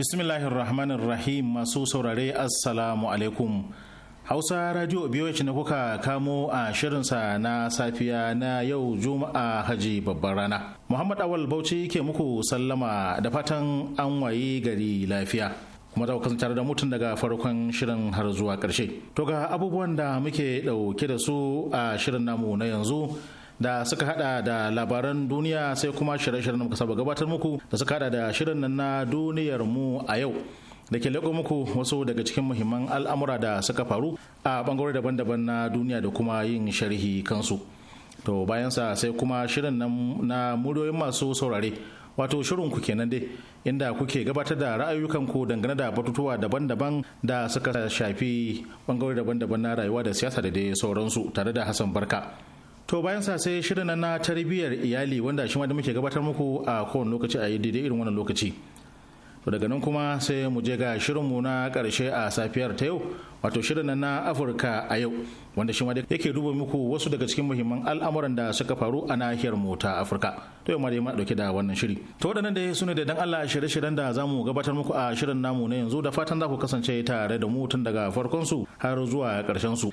bismillahir rahim masu saurare assalamu alaikum hausa radio biyu na kuka kamo a shirinsa na safiya na yau juma'a haji babbar rana muhammad awal bauchi ke muku sallama da fatan an wayi gari lafiya kuma za ku kasance da mutum daga farkon shirin har zuwa ƙarshe. To ga abubuwan da muke ɗauke da su a shirin namu na yanzu da suka hada da labaran duniya sai kuma shirye-shiryen muka saba gabatar muku da suka hada da shirin nan na duniyar mu a yau da ke leko muku wasu daga cikin muhimman al'amura da suka faru a bangare daban-daban na duniya da kuma yin sharhi kansu to bayan sa sai kuma shirin nan na muryoyin masu saurare wato shirin ku kenan dai inda kuke gabatar da ku dangane da batutuwa daban-daban da suka shafi bangare daban-daban na rayuwa da siyasa da dai sauransu tare da hassan barka To bayan sa sai shirin na tarbiyyar iyali wanda shi da muke gabatar muku a kowane lokaci a daidai irin wannan lokaci. To daga nan kuma sai mu je ga shirinmu na karshe a safiyar ta yau wato shirin na Afirka a yau wanda shi da yake duba muku wasu daga cikin muhimman al'amuran da suka faru a nahiyar mu ta Afirka. To yau ma dai ma dauke da wannan shiri. To waɗannan da su ne da dan Allah shirye-shiryen da zamu gabatar muku a shirin namu na yanzu da fatan za ku kasance tare da mu tun daga farkon su har zuwa karshen su.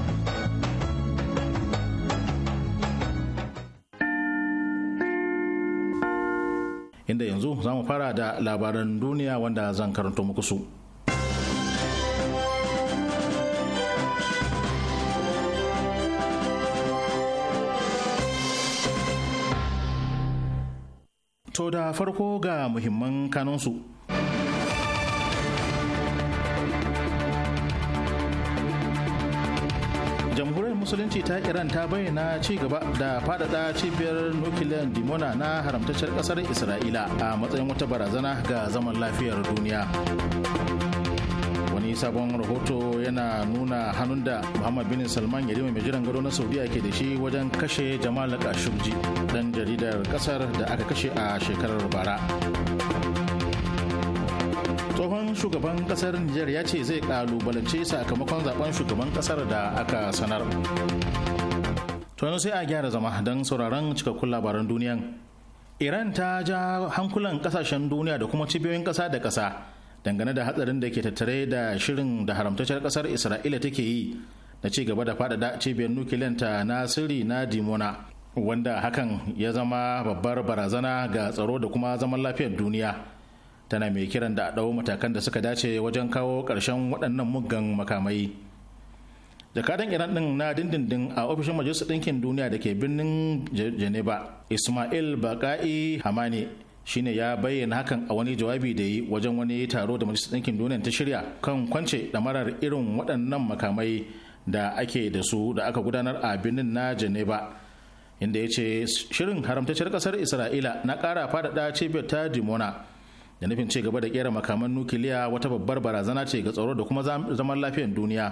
inda yanzu za mu fara da labaran duniya wanda zan karanto muku su. To da farko ga muhimman kanunsu. musulunci ta iran ta bayyana ci gaba da fadada cibiyar nukiliyar dimona na haramtaccen kasar isra'ila a matsayin wata barazana ga zaman lafiyar duniya wani sabon rahoto yana nuna hannun da muhammad bin salman yarima mai jiran gado na saudiya ke da shi wajen kashe jamal kashubji dan jaridar kasar da aka kashe a shekarar bara tsohon shugaban kasar nijar ya ce zai kalubalance sakamakon zaben shugaban kasar da aka sanar to sai a gyara zama don sauraron cikakkun labaran duniyan iran ta ja hankulan kasashen duniya da kuma cibiyoyin kasa da kasa dangane da hatsarin da ke tattare da shirin da haramtacciyar kasar isra'ila take yi na ci gaba da faɗaɗa cibiyar ta na sirri na dimona wanda hakan ya zama babbar barazana ga tsaro da kuma zaman lafiyar duniya tana mai kiran da a ɗau matakan da suka dace wajen kawo ƙarshen waɗannan muggan makamai jakadan iran ɗin na dindindin a ofishin majalisar ɗinkin duniya da ke birnin geneva ismail Baka'i hamani shine ya bayyana hakan a wani jawabi da yi wajen wani taro da majalisar ɗinkin duniya ta shirya kan kwance ɗamarar irin waɗannan makamai da ake da su da aka gudanar a birnin na geneva inda ya ce shirin haramtacciyar ƙasar isra'ila na ƙara faɗaɗa cibiyar ta dimona da nufin ci gaba da kera makaman nukiliya wata babbar barazana ce ga tsaro da kuma zaman lafiyar duniya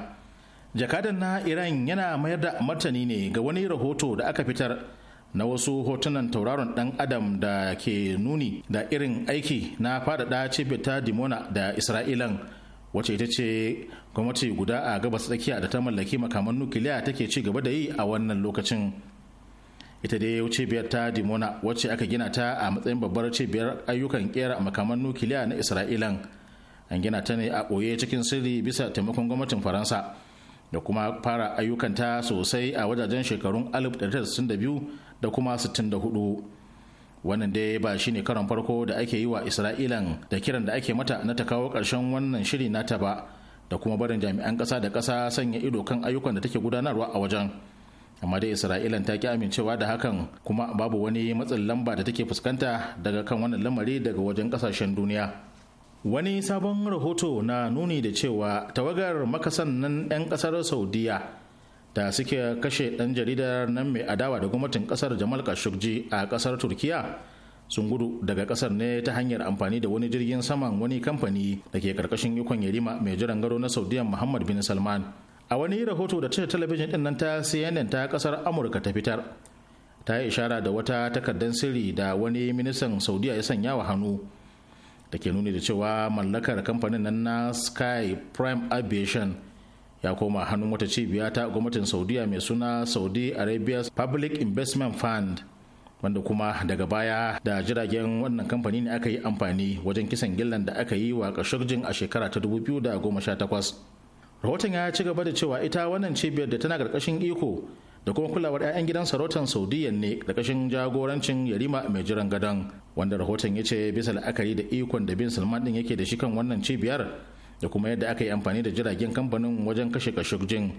jakadan na iran yana mayar da martani ne ga wani rahoto da aka fitar na wasu hotunan tauraron dan adam da ke nuni da irin aiki na faɗaɗa cibita dimona da isra'ilan wacce ita ce gwamnati guda a gabas tsakiya da ta mallaki makaman nukiliya take ci gaba da yi a wannan lokacin ita dai cibiyar ta dimona wacce aka gina ta a matsayin babbar cibiyar ayyukan kera makaman nukiliya na isra'ilan an gina ta ne a ɓoye cikin sirri bisa taimakon gwamnatin faransa da kuma fara ayyukan ta sosai a wajajen shekarun 1962 da kuma 64 wannan dai ba shi ne karon farko da ake yi wa isra'ilan da kiran da ake mata na ta kawo ƙarshen wannan shiri nata ba da kuma barin jami'an ƙasa da kasa sanya ido kan ayyukan da take gudanarwa a wajen. amma dai isra'ilan ta ki amincewa da hakan kuma babu wani matsin lamba da take fuskanta daga kan wannan lamari daga wajen kasashen duniya wani sabon rahoto na nuni da cewa tawagar makasan nan 'yan kasar saudiya da suke kashe dan jaridar nan mai adawa da gwamnatin kasar jamal khashoggi a kasar turkiya sun gudu daga kasar ne ta hanyar amfani da wani jirgin saman wani kamfani da ke karkashin ikon yarima mai jiran gado na saudiya muhammad bin salman a wani rahoto da tashar talabijin din nan ta cnn ta kasar amurka ta fitar ta yi ishara da wata takardar sirri da wani ministan saudiya ya sanya wa hannu da ke nuni da cewa mallakar kamfanin nan na sky prime aviation ya koma hannun wata cibiya ta gwamnatin saudiya mai suna saudi arabia public investment fund wanda kuma daga baya da jiragen wannan kamfani ne aka yi amfani wajen kisan gillan da aka yi wa kashirjin a shekara ta 2018 rahoton ya ci gaba da cewa ita wannan cibiyar da tana karkashin iko da kuma kulawar 'ya'yan gidan sarautar saudiyya ne karkashin jagorancin yarima mai jiran gadon wanda rahoton ya ce bisa la'akari da ikon da bin salman din yake da shi kan wannan cibiyar da kuma yadda aka yi amfani da jiragen kamfanin wajen kashe kashugjin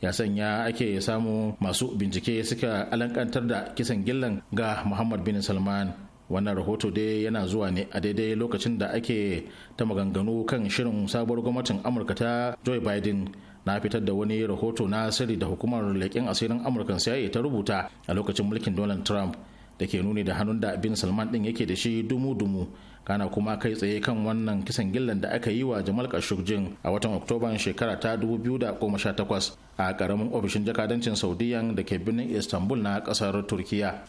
ya sanya ake samu masu bincike suka alankantar da kisan gillan ga muhammad bin salman wannan rahoto dai yana zuwa ne a daidai lokacin da ake ta maganganu kan shirin sabuwar gwamnatin amurka ta joe biden na fitar da wani rahoto na sirri da hukumar leƙen asirin amurkan CIA ta rubuta a lokacin mulkin donald trump da ke nuni da hannun da bin salman din yake da shi dumu-dumu kana kuma kai tsaye kan wannan kisan gillan da aka yi wa jamal khashoggi a watan oktoban shekara ta 2018 a karamin ofishin jakadancin saudiyan da ke birnin istanbul na ƙasar turkiya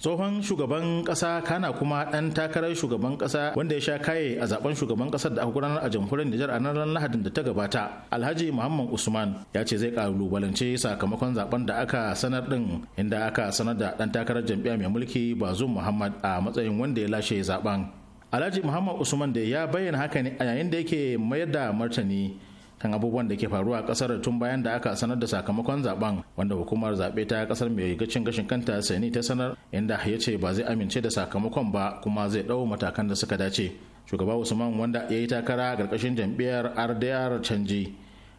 tsohon shugaban kasa kana kuma dan takarar shugaban kasa wanda ya sha kaye a zaben shugaban kasar da aka gudanar a jamhuriyar Nijar a ranar Lahadin da ta gabata Alhaji Muhammad Usman ya ce zai kalubalance sakamakon zaben da aka sanar din inda aka sanar da dan takarar jam'iyya mai mulki Bazum Muhammad a matsayin wanda ya lashe zaben Alhaji Muhammad Usman da ya bayyana haka ne a yayin da yake mayar da martani kan abubuwan da ke faruwa a kasar tun bayan da aka sanar da sakamakon zaben wanda hukumar zaɓe ta kasar mai gacin gashin kanta sani ta sanar inda ya ce ba zai amince da sakamakon ba kuma zai ɗau matakan da suka dace shugaba usman wanda ya yi takara a ƙarƙashin jam'iyyar rdr canji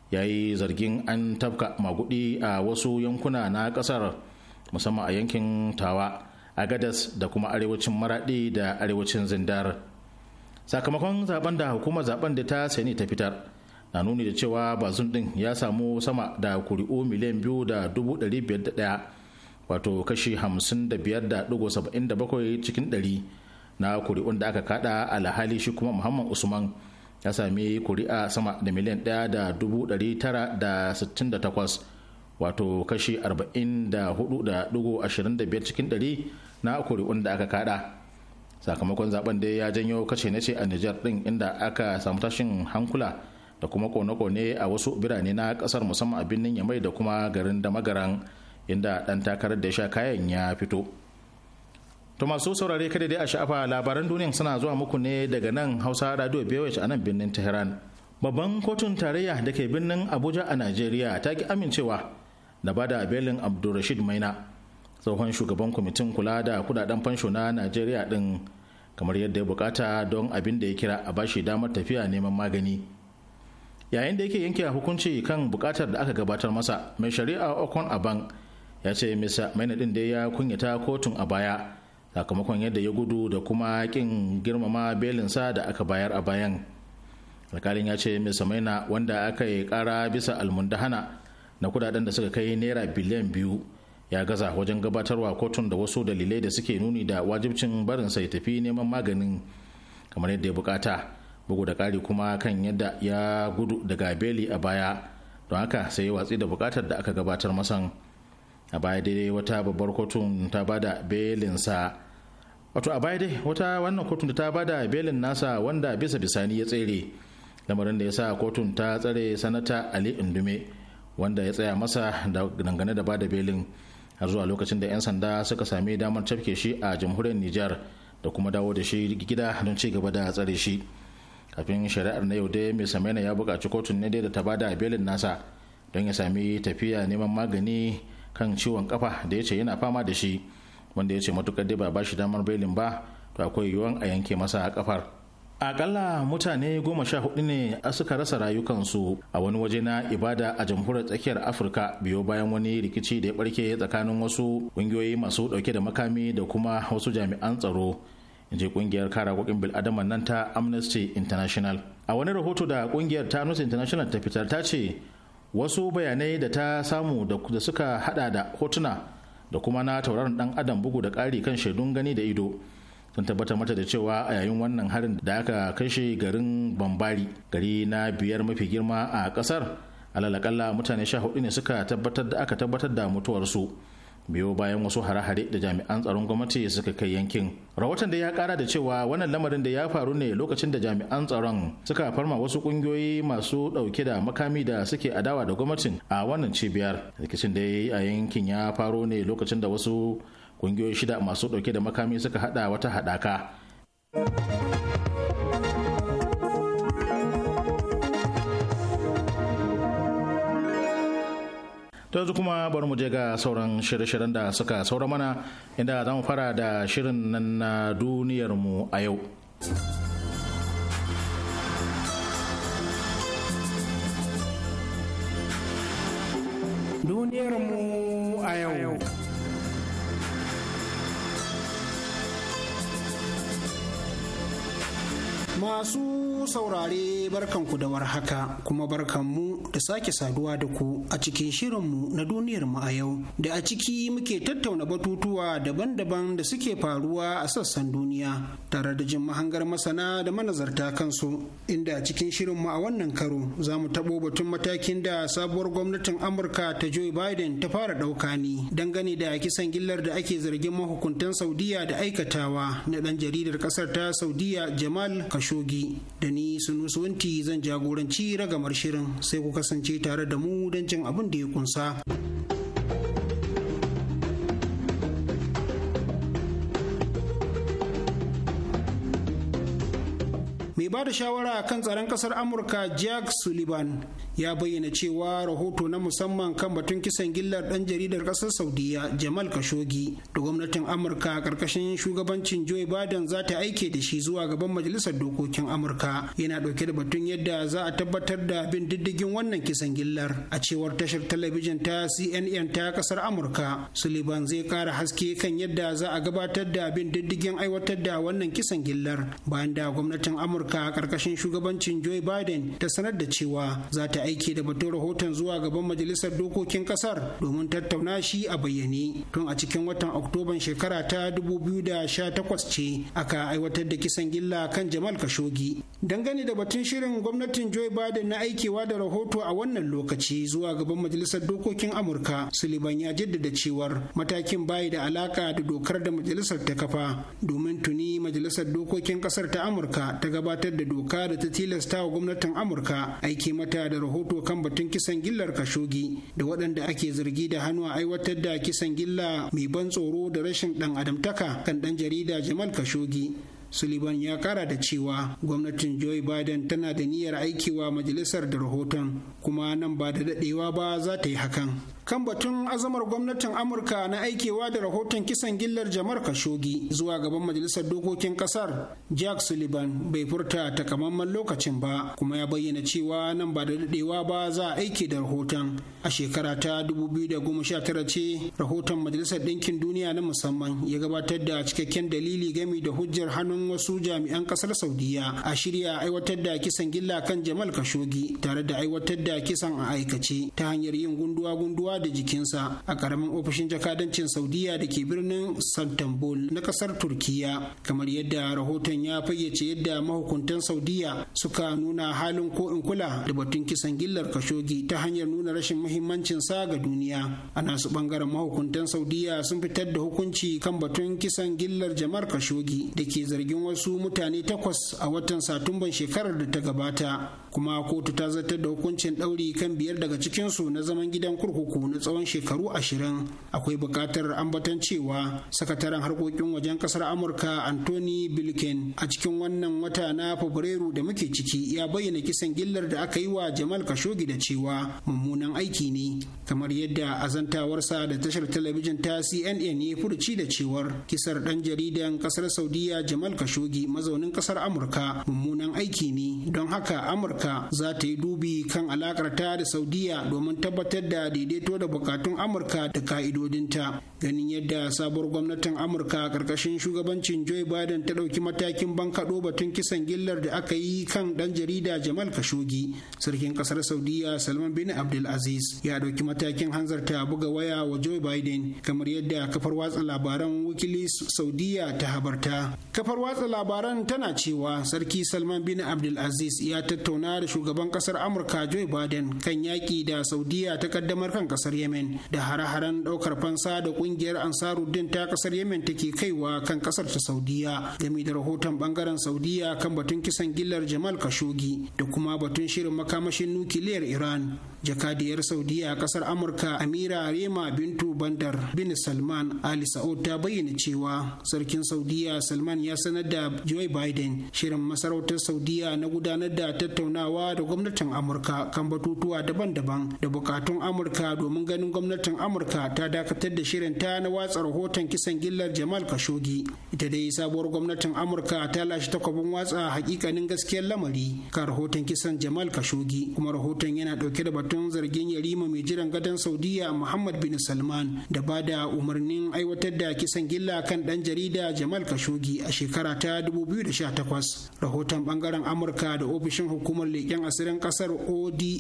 ya yi zargin an tafka magudi a wasu yankuna na kasar musamman a yankin tawa a gadas da kuma arewacin maradi da arewacin zindar sakamakon zaben da hukumar zaben da ta sani ta fitar na nuni da cewa bazum din ya samu sama da kuri'u miliyan biyu da dubu ɗari biyar da ɗaya wato kashi hamsin da biyar da ɗigo saba'in da bakwai cikin ɗari na kuri'un da aka kada alhali shi kuma muhammad usman ya sami kuri'a sama da miliyan ɗaya da dubu ɗari tara da sittin da takwas wato kashi arba'in da hudu da ɗigo ashirin da biyar cikin ɗari na kuri'un da aka kada sakamakon zaben da ya janyo kashe na ce a nijar ɗin inda aka samu tashin hankula da kuma kone-kone a wasu birane na kasar musamman a birnin yamai da kuma garin da magaran inda dan takarar da ya sha kayan ya fito to masu saurare kada dai a sha'afa labaran duniyan suna zuwa muku ne daga nan hausa radio bewage a nan birnin tehran babban kotun tarayya da ke birnin abuja a nigeria ta ki amincewa da bada belin abdulrashid maina tsohon shugaban kwamitin kula da kudaden fansho na najeriya din kamar yadda ya bukata don abin da ya kira a bashi damar tafiya neman magani yayin da yake yanke hukunci kan bukatar da aka gabatar masa mai shari'a okon aban ya ce misa maina din da ya kunyata kotun a baya sakamakon yadda ya gudu da kuma kin girmama belinsa da aka bayar a bayan alkalin ya ce misa maina wanda aka yi kara bisa almundahana na kudaden da suka kai naira biliyan biyu ya gaza wajen gabatarwa kotun da wasu dalilai da suke nuni da wajibcin barin ya tafi neman maganin kamar yadda ya bukata bugu da kari kuma kan yadda ya gudu daga beli a baya don haka sai ya watsi da bukatar da aka gabatar masan a baya dai wata babbar kotun ta bada belinsa wato a baya dai wata wannan kotun ta bada belin nasa wanda bisa bisani ya tsere lamarin da ya sa kotun ta tsare sanata ali indume wanda ya tsaya masa dangane da bada belin har zuwa lokacin da 'yan sanda suka sami damar tafke shi a jamhuriyar nijar da kuma dawo da shi gida don ci gaba da tsare shi. kafin shari'ar na yau dai mai samaina ya buƙaci kotun ne dai da ta bada belin nasa don ya sami tafiya neman magani kan ciwon kafa da ya ce yana fama da shi wanda ya ce matukar dai ba ba shi damar belin ba to akwai yiwuwan a yanke masa a kafar akalla mutane goma sha hudu ne a suka rasa rayukansu a wani waje na ibada a jamhuriyar tsakiyar afirka biyo bayan wani rikici da ya barke tsakanin wasu ƙungiyoyi masu dauke da makami da kuma wasu jami'an tsaro in ji kungiyar kare haƙoƙin bil'adama nan ta amnesty international a wani rahoto da kungiyar ta amnesty international ta fitar ta ce wasu bayanai da ta samu da suka hada da hotuna da kuma na tauraron dan adam bugu da ƙari kan shaidun gani da ido sun tabbatar mata da cewa a yayin wannan harin da aka kai shi garin bambari gari na biyar mafi girma a kasar alalakalla mutane sha hudu ne suka tabbatar da aka tabbatar da mutuwarsu biyo bayan wasu hare-hare da jami'an tsaron gwamnati suka kai yankin rahoton da ya kara da cewa wannan lamarin da ya faru ne lokacin da jami'an tsaron suka farma wasu kungiyoyi masu dauke da makami da suke adawa da gwamnatin a wannan cibiyar rikicin da a yankin ya faru ne lokacin da wasu kungiyoyi shida masu dauke da makami suka hada wata hadaka to yanzu kuma bari mu je ga sauran shirye-shiryen da suka saura mana inda za mu fara da shirin nan na duniyarmu a yau duniyarmu a yau Masu saurare barkanku da warhaka kuma barkanmu da sake saduwa da ku a cikin shirinmu na duniyar mu a yau da a ciki muke tattauna batutuwa daban-daban da suke faruwa a sassan duniya tare da jin mahangar masana da manazarta kansu inda a cikin shirinmu a wannan karo za mu taɓo batun matakin da sabuwar gwamnatin Amurka ta Joe Biden ta fara ɗauka ne dangane da kisan gillar da ake zargin mahukuntan Saudiya da aikatawa na ɗan jaridar ƙasar ta Saudiya Jamal Khashoggi. Khashoggi da ni sunu suwanti zan jagoranci ragamar shirin sai ku kasance tare da mu don cin abin da ya kunsa. mai ba da shawara kan tsaron kasar amurka jack sullivan ya bayyana cewa rahoto na musamman kan batun kisan gillar ɗan jaridar ƙasar saudiya jamal kashogi da gwamnatin amurka ƙarƙashin shugabancin joe biden za ta aike da shi zuwa gaban majalisar dokokin amurka yana ɗauke da batun yadda za a tabbatar da bin diddigin wannan kisan gillar a cewar tashar talabijin ta cnn ta ƙasar amurka sullivan zai ƙara haske kan yadda za a gabatar da bin diddigin aiwatar da wannan kisan gillar bayan da gwamnatin amurka ƙarƙashin shugabancin joe biden ta sanar da cewa za ta aiki da batun rahoton zuwa gaban majalisar dokokin kasar domin tattauna shi a bayyane tun a cikin watan oktoban shekara ta 2018 ce aka aiwatar da kisan gilla kan jamal kashogi dangane da batun shirin gwamnatin joe biden na aikewa da rahoto a wannan lokaci zuwa gaban majalisar dokokin amurka sullivan ya jaddada cewar matakin bayi da alaka da dokar da majalisar ta kafa domin tuni majalisar dokokin kasar ta amurka ta gabatar da doka da ta tilasta wa gwamnatin amurka aiki mata da rahoto rahoto kan batun kisan gillar kashogi da waɗanda ake zargi da hannu a aiwatar da kisan gilla mai ban tsoro da rashin ɗan adamtaka kan ɗan jarida jamal kashogi Sullivan ya kara da cewa gwamnatin Joe Biden tana da niyyar aikewa majalisar da rahoton kuma nan ba da dadewa ba za ta yi hakan. kan batun azamar gwamnatin amurka na aikewa da rahoton kisan gillar jamar kashogi zuwa gaban majalisar dokokin kasar jack sullivan bai furta takamaiman lokacin ba kuma ya bayyana cewa nan ba da dadewa ba za a aike da rahoton a shekara ta 2019 ce rahoton majalisar ɗinkin duniya na musamman ya gabatar da cikakken dalili game da hujjar hannun wasu jami'an kasar saudiya a shirya aiwatar da kisan gilla kan jamal kashogi tare da aiwatar da kisan a aikace ta hanyar yin gunduwa-gunduwa da jikinsa a karamin ofishin jakadancin saudiya da ke birnin santambul na kasar turkiya kamar yadda rahoton ya fayyace yadda mahukuntan saudiya suka nuna halin ko in kula da batun kisan gillar kashogi ta hanyar nuna rashin sa ga duniya a nasu bangaren mahukuntan saudiya sun fitar da hukunci kan batun kisan gillar jamar kashogi da ke zargin zargin wasu mutane takwas a watan satumban shekarar da ta gabata kuma kotu ta zartar da hukuncin ɗauri kan biyar daga cikinsu na zaman gidan kurkuku na tsawon shekaru ashirin akwai buƙatar ambatan cewa sakataren harkokin wajen ƙasar amurka anthony bilken a cikin wannan wata na fabrairu da muke ciki ya bayyana kisan gillar da aka yi wa jamal kashogi da cewa mummunan aiki ne kamar yadda azantawarsa da tashar talabijin ta cnn ya furci da cewar kisar ɗan jaridan ƙasar saudiya jamal kashogi mazaunin kasar amurka mummunan aiki ne don haka amurka za ta yi dubi kan alakar ta da saudiya domin tabbatar da daidaito da bukatun amurka da ka'idodinta ganin yadda sabuwar gwamnatin amurka karkashin shugabancin joe biden ta ɗauki matakin bankaɗo batun kisan gillar da aka yi kan ɗan jarida jamal kashogi sarkin kasar saudiya salman bin abdulaziz ya ɗauki matakin hanzarta buga waya wa joe biden kamar yadda kafar watsa labaran wikileaks saudiya ta habarta kafar watsa labaran tana cewa sarki salman bin abdulaziz ya tattauna da shugaban kasar amurka joe biden kan yaƙi da saudiya ta kaddamar kan kasar yemen da hare-haren ɗaukar fansa da ƙungiyar ansaruddin ta kasar yemen take kaiwa kan kasar ta saudiya game da rahoton bangaren saudiya kan batun kisan gillar jamal kashogi da kuma batun shirin makamashin nukiliyar iran jakadiyar saudiya a kasar amurka amira rema bintu bandar bin salman ali sa'ud ta bayyana cewa sarkin saudiya salman ya sanar gudanar da Joe Biden shirin masarautar Saudiya na gudanar da tattaunawa da gwamnatin Amurka kan batutuwa daban-daban da bukatun Amurka domin ganin gwamnatin Amurka ta dakatar da shirin ta na watsa rahoton kisan gillar Jamal Khashoggi. Ita dai sabuwar gwamnatin Amurka ta lashe takwabin watsa hakikanin gaskiyar lamari kan rahoton kisan Jamal Khashoggi kuma rahoton yana dauke da batun zargin yarima mai jiran gadon Saudiya Muhammad bin Salman da bada umarnin aiwatar da kisan gilla kan dan jarida Jamal Khashoggi a shekara shekara ta 2018 rahoton bangaren amurka da ofishin hukumar leƙen asirin ƙasar odni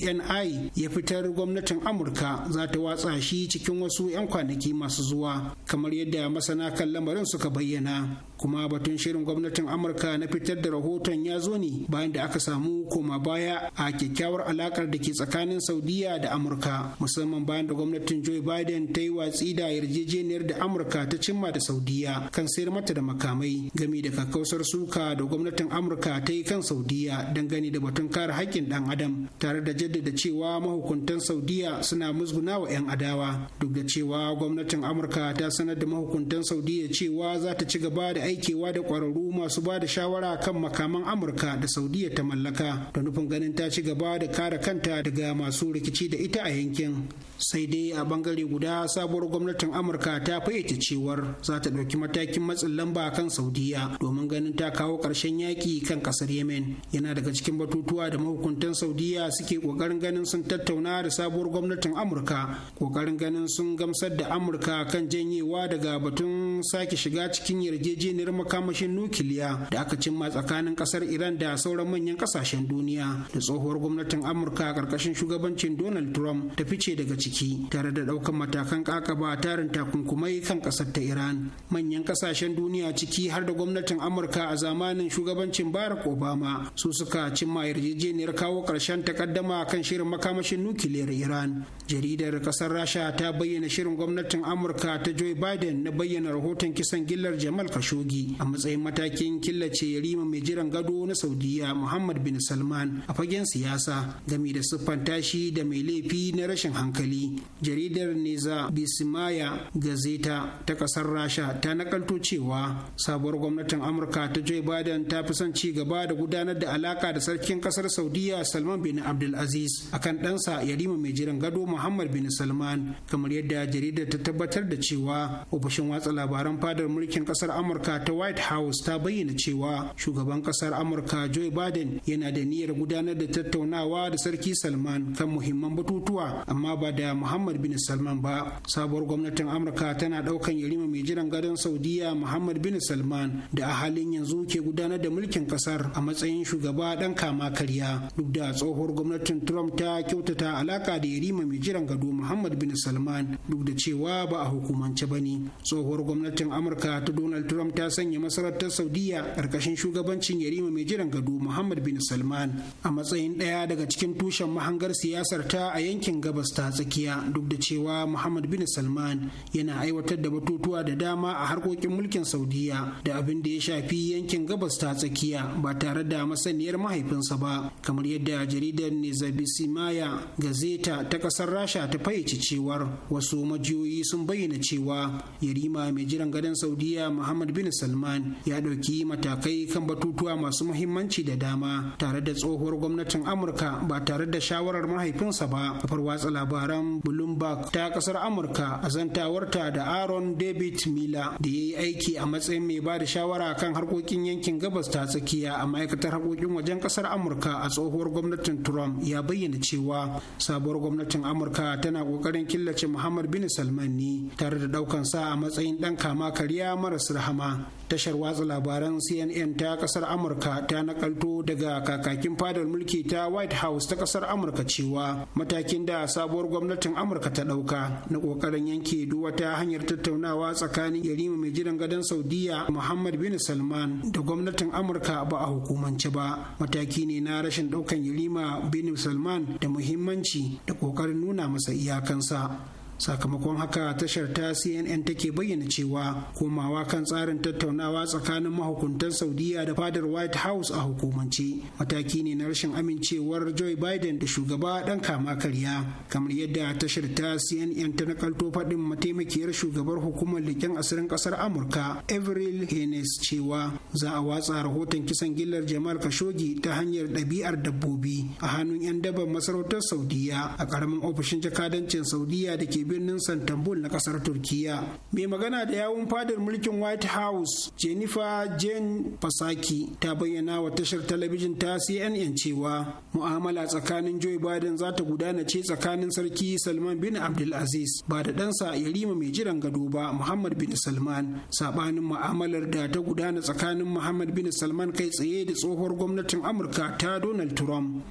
ya fitar gwamnatin amurka za ta watsa shi cikin wasu 'yan kwanaki masu zuwa kamar yadda masana kan lamarin suka bayyana kuma batun shirin gwamnatin amurka na fitar da rahoton ya zo ne bayan da aka samu koma baya a kyakkyawar alakar da ke tsakanin saudiya da amurka musamman bayan da gwamnatin joe biden ta yi watsi da yarjejeniyar da amurka ta cimma da saudiya kan sayar mata da makamai game da da kausar suka da gwamnatin amurka ta yi kan saudiya dangane da batun kare haƙƙin ɗan adam tare da jaddada cewa mahukuntan saudiya suna musguna wa 'yan adawa duk da cewa gwamnatin amurka ta sanar da mahukuntan saudiya cewa za ta ci gaba da aikewa da ƙwararru masu ba da shawara kan makaman amurka da saudiya ta mallaka da nufin ganin ta ci gaba da kare kanta daga masu rikici da ita a yankin sai dai a bangare guda sabuwar gwamnatin amurka ta fayyace cewar za ta ɗauki matakin matsin lamba kan saudiya domin ganin ta kawo ƙarshen yaƙi kan ƙasar yemen yana daga cikin batutuwa da mahukuntan saudiya suke ƙoƙarin ganin sun tattauna da sabuwar gwamnatin amurka ƙoƙarin ganin sun gamsar da amurka kan janyewa daga batun sake shiga cikin yarjejeniyar makamashin nukiliya da aka cimma tsakanin ƙasar iran da sauran manyan ƙasashen duniya da tsohuwar gwamnatin amurka ƙarƙashin shugabancin donald trump ta fice daga ciki ciki tare da ɗaukan matakan ƙaƙaba tarin takunkumai kan ƙasar ta iran manyan ƙasashen duniya ciki har da gwamnatin amurka a zamanin shugabancin barack obama su suka cimma yarjejeniyar kawo ƙarshen takaddama kan shirin makamashin nukiliyar iran jaridar ƙasar rasha ta bayyana shirin gwamnatin amurka ta joe biden na bayyana rahoton kisan gillar jamal khashoggi a matsayin matakin killace yarima mai jiran gado na saudiya muhammad bin salman a fagen siyasa gami da siffanta shi da mai laifi na rashin hankali jaridar neza bisimaya gazeta ta ƙasar rasha ta nakalto cewa sabuwar gwamnatin amurka ta joe biden ta fi son ci gaba da gudanar da alaka da sarkin ƙasar saudiya salman bin abdulaziz akan ɗansa yarima mai jiran gado muhammad bin salman kamar yadda jaridar ta tabbatar da cewa ofishin watsa labaran fadar mulkin ƙasar amurka ta white house ta bayyana cewa shugaban ƙasar amurka joe biden yana da niyyar gudanar da tattaunawa da sarki salman kan muhimman batutuwa amma ba da Muhammad bin Salman ba. Sabuwar gwamnatin Amurka tana ɗaukan yarima mai jiran gadon Saudiya Muhammad bin Salman da a halin yanzu ke gudanar da mulkin kasar a matsayin shugaba ɗan kama karya. Duk da tsohuwar gwamnatin Trump ta kyautata alaka da yarima mai jiran gado Muhammad bin Salman duk da cewa ba a hukumance ba ne. Tsohuwar gwamnatin Amurka ta Donald Trump ta sanya masarautar Saudiya ƙarƙashin shugabancin yarima mai jiran gado Muhammad bin Salman a matsayin ɗaya daga cikin tushen mahangar siyasar ta a yankin gabas ta tsakiya. tsakiya duk da cewa muhammad bin salman yana aiwatar da batutuwa da dama a harkokin mulkin saudiya da abin da ya shafi yankin gabas ta tsakiya ba tare da masaniyar mahaifinsa ba kamar yadda jaridar nezabisimaya gazeta ta ƙasar rasha ta fayyace cewar wasu majiyoyi sun bayyana cewa yarima mai jiran gadon saudiya muhammad bin salman ya ɗauki matakai kan batutuwa masu muhimmanci da dama tare da tsohuwar gwamnatin amurka ba tare da shawarar mahaifinsa ba kafar watsa labaran Madam Bloomberg ta kasar Amurka a zantawarta da Aaron David Miller da ya yi aiki a matsayin mai ba da shawara kan harkokin yankin gabas ta tsakiya a ma'aikatar harkokin wajen kasar Amurka a tsohuwar gwamnatin Trump ya bayyana cewa sabuwar gwamnatin Amurka tana kokarin killace Muhammad bin Salman ne tare da daukan sa a matsayin dan kama karya maras rahama. Tashar watsa labaran CNN ta kasar Amurka ta nakalto daga kakakin fadar mulki ta White House ta kasar Amurka cewa matakin da sabuwar gwamnati gwamnatin amurka ta ɗauka na kokarin yanke duk wata hanyar tattaunawa tsakanin yarima mai jiran gadon saudiya muhammad bin salman da gwamnatin amurka ba a hukumance ba mataki ne na rashin ɗaukan yarima bin salman da muhimmanci da ƙoƙarin nuna masa iyakansa sakamakon haka tashar ta cnn take bayyana cewa komawa kan tsarin tattaunawa tsakanin mahukuntan saudiya da fadar white house a hukumance mataki ne na rashin amincewar joe biden da shugaba dan kama karya kamar yadda tashar ta cnn ta nakalto faɗin mataimakiyar shugabar hukumar leƙen asirin ƙasar amurka avril haines cewa za a watsa rahoton kisan gillar jamal khashoggi ta hanyar ɗabi'ar dabbobi a hannun 'yan dabar masarautar saudiya a ƙaramin ofishin jakadancin saudiya da ke birnin santambul na kasar turkiya mai magana da yawun fadar mulkin white house jennifer jane fasaki ta bayyana wa tashar talabijin ta cnn cewa mu'amala tsakanin joe biden za ta gudana ce tsakanin sarki salman bin abdulaziz ba da ɗansa yarima mai jiran gado ba muhammad bin salman saɓanin mu'amalar da ta gudana tsakanin muhammad bin salman kai tsaye da tsohuwar gwamnatin amurka ta donald trump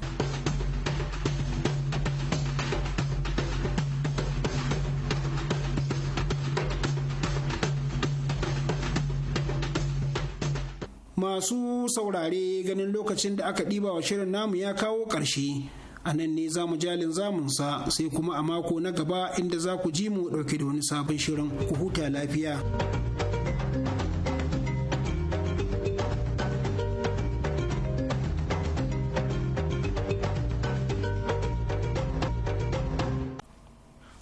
masu saurare ganin lokacin da aka ɗiba wa shirin namu ya kawo ƙarshe a nan ne za mu jalin zamunsa sai kuma a mako na gaba inda za ku ji mu ɗauke da wani sabon shirin ku huta lafiya.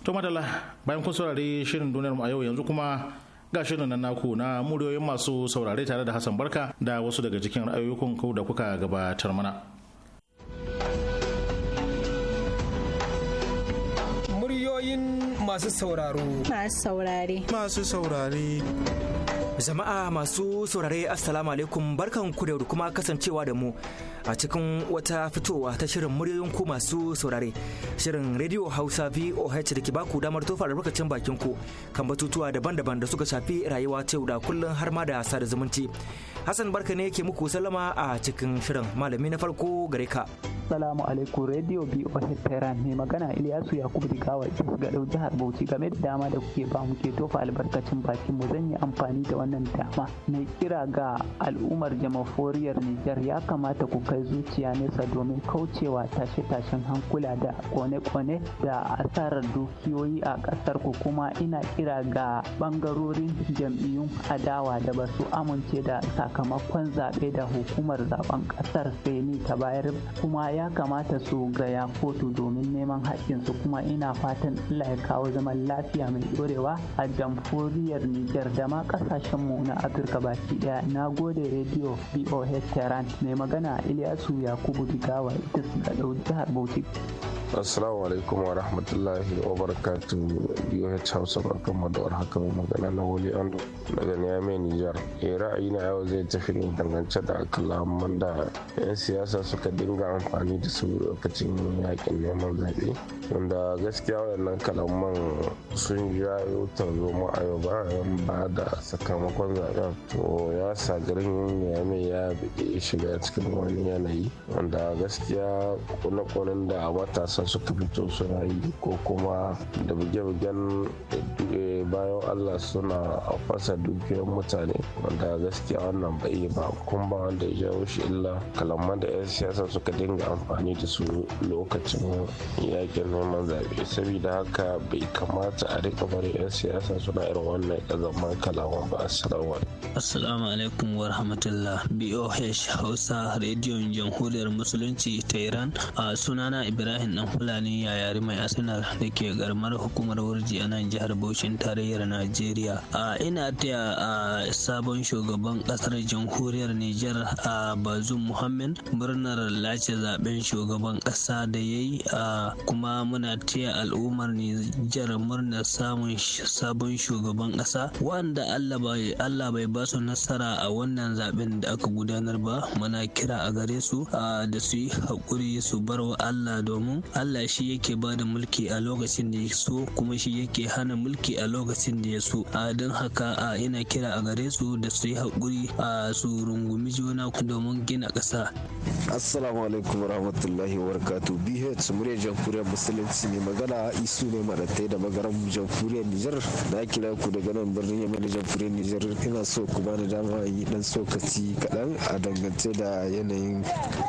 To madalla bayan kun saurari shirin duniyar mu a yau yanzu kuma ga shirin nan naku na muryoyin masu saurare tare da hassan barka da wasu daga cikin ra'ayoyin da kuka gabatar mana masu sauraro. Masu saurare. Masu saurare. Jama'a masu saurare Assalamu alaikum barkan ku da kuma kasancewa da mu a cikin wata fitowa ta shirin muryoyin ku masu saurare. Shirin Radio Hausa VOH da ke baku damar tofa albarkacin bakin ku kan batutuwa daban-daban da suka shafi rayuwa ta da kullum har ma da sada zumunci. Hassan barka ne ke muku sallama a cikin shirin malami na farko gare ka. Assalamu alaikum Radio BOH Tehran mai magana Ilyasu Yakubu Digawa ga jihar Bauchi game da dama da kuke ba mu ke tofa albarkacin bakin mu zan yi amfani da wannan dama mai kira ga al'ummar jamaforiyar Nijar ya kamata ku kai zuciya nesa domin kaucewa tashe-tashen hankula da kone-kone da asarar dukiyoyi a ƙasar ku kuma ina kira ga bangarorin jam'iyyun adawa da ba su amince da sakamakon zaɓe da hukumar zaben ƙasar Seni ta bayar kuma ya kamata su gaya kotu domin neman haƙƙinsu kuma ina fatan Allah ya kawo kawo zaman lafiya mai ɗorewa a jamhuriyar Nijar da ma kasashen mu na Afirka baki ɗaya Na gode Radio BOH Tehran mai magana Ilyasu Yakubu Bigawa ita suka ɗauki jihar Bauchi. Asalamu alaikum wa rahmatullahi wa barakatu BOH Hausa barkan mu da haka. mai magana na Wali Ando daga Niamey Nijar. ya eh, ra'ayi na yau zai tafi ne dangance da kalaman da 'yan siyasa suka dinga amfani da su lokacin yakin neman zaɓe. Wanda gaskiya waɗannan kalaman sun jayo tarzoma a yau bayan ba da sakamakon zaɓen. To ya sa garin Niamey ya shiga cikin wani yanayi wanda gaskiya kone-konen da matasa matasa suka fito suna yi ko kuma da buge-bugen eh, bayan allah suna fasa dukiyar mutane wanda gaskiya wannan bai yi ba kun ba wanda ya jawo shi illa kalaman da 'yan siyasa suka dinga amfani da su lokacin yakin neman zaɓe saboda haka bai kamata a rika bari 'yan siyasa suna irin wannan ƙazamar kalaman ba assalamu assalamu alaikum wa rahmatullah boh hausa rediyon jamhuriyar musulunci ta iran a sunana ibrahim dan fulani yari mai arsenal da ke garmar hukumar wurji a nan jihar bauchin tarayyar najeriya a ina taya a sabon shugaban kasar jamhuriyar Nijar, a bazum muhammad murnar lace zaben shugaban ƙasa da ya yi a kuma muna taya al'ummar Nijar murnar samun sabon shugaban ƙasa. wanda allah bai ba su nasara a wannan zaben da aka gudanar ba muna kira a gare su da su yi haƙuri su bar wa allah domin Allah shi yake ba da mulki a lokacin da ya so kuma shi yake hana mulki a lokacin da ya so a don haka a ina kira a gare su da su yi haƙuri a su rungumi juna domin gina ƙasa. Assalamu alaikum warahmatullahi wabarakatuh BH murya jamhuriyar musulunci ne magana isu ne marattai da magaran jamhuriyar Nijar na kira ku daga nan birnin Yemen da jamhuriyar Nijar ina so ku bani dama yi dan sokaci kaɗan a dangance da yanayin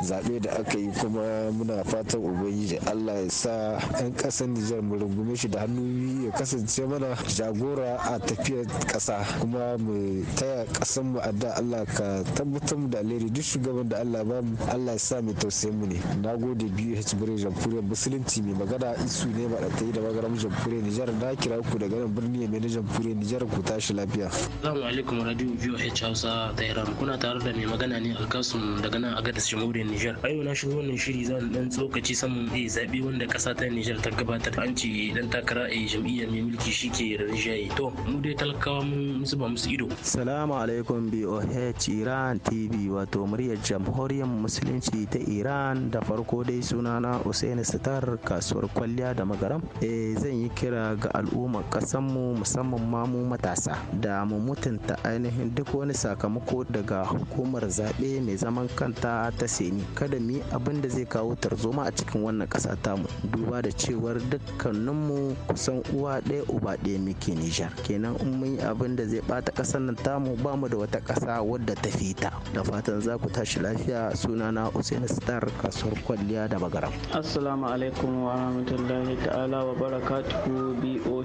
zaɓe da aka yi kuma muna fatan ubangiji Allah Allah ya sa 'yan ƙasar Nijar mu rungume shi da hannu ya kasance mana jagora a tafiyar kasa kuma mu taya ƙasar mu adda Allah ka tabbatar mu da alheri duk shugaban da Allah ba mu Allah ya sa mai tausayin mu ne na gode biyu H Bure Jamhuriyar Musulunci mai magana isu ne ba da ta yi da magaram Jamhuriyar Nijar na kira ku daga nan birni mai na Jamhuriyar Nijar ku tashi lafiya. Assalamu alaikum radio biyu H Hausa ta Iran kuna tare da mai magana ne Alkasum daga nan Agadez Jamhuriyar Nijar a na shigo wannan shiri zan dan tsokaci saman eh, zai zaɓe wanda ƙasa ta Nijar ta gabatar an ce dan takara a jam'iyyar mai mulki shi ke to mu dai talakawa mun zuba musu ido. Salamu alaikum BOH Iran TV wato muryar jamhuriyar musulunci ta Iran da farko dai sunana Hussein Sitar kasuwar kwalliya da magaram. Eh zan yi kira ga al'ummar mu musamman ma mu matasa da mu mutunta ainihin duk wani sakamako daga hukumar zaɓe mai zaman kanta ta seni kada mi yi abin da zai kawo tarzoma a cikin wannan ƙasa mu duba da cewar dukkaninmu kusan uwa ɗaya uba ɗaya muke nijar kenan in mun yi abin da zai ɓata ƙasar nan tamu ba mu da wata ƙasa wadda ta fita da fatan za ku tashi lafiya sunana usaini star kasuwar kwalliya da bagaram assalamu alaikum wa rahmatullahi ta'ala wa barakatuhu boh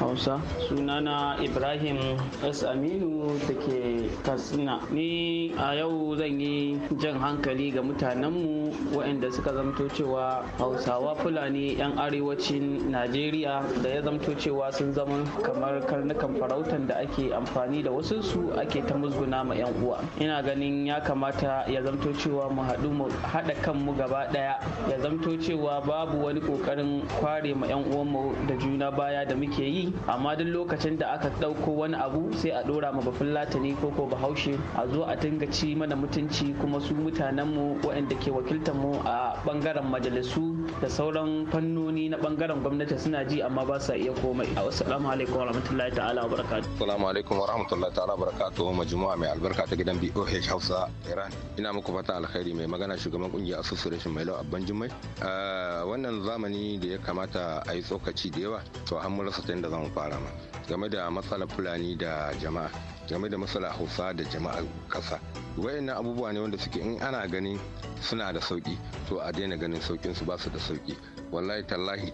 hausa sunana ibrahim s aminu da ke katsina ni a yau zan yi jan hankali ga mutanenmu waɗanda suka zamto cewa hausawa fulani 'yan arewacin najeriya da ya zamto cewa sun zama kamar karnukan farautan da ake amfani da wasu su ake ta musguna ma 'yan uwa ina ganin ya kamata ya zamto cewa mu haɗu mu haɗa kanmu gaba ɗaya ya zamto cewa babu wani ƙoƙarin kware ma 'yan uwanmu da juna baya da muke yi amma duk lokacin da aka ɗauko wani abu sai a ɗora ma bafin latani ko ko bahaushe a zo a dinga ci mana mutunci kuma su mutanenmu waɗanda ke wakiltar mu a bangaren majalisu da sauran fannoni na bangaren gwamnati suna ji amma ba sa iya komai assalamu alaikum warahmatullahi ta'ala wabarakatuh assalamu alaikum warahmatullahi ta'ala wabarakatuh majmu'a mai albarka ta gidan BOH Hausa Iran ina muku fata alkhairi mai magana shugaban kungiyar association mai lawa abban jummai ah, wannan zamani da ya kamata a yi tsokaci da yawa to an mu rasa ta inda zamu fara ma game da matsalar fulani da jama'a game da masala hausa da jama'ar ƙasa wayannan abubuwa ne wanda suke in ana ganin suna da sauki to a daina ganin saukin ba su da sauki wallahi tallahi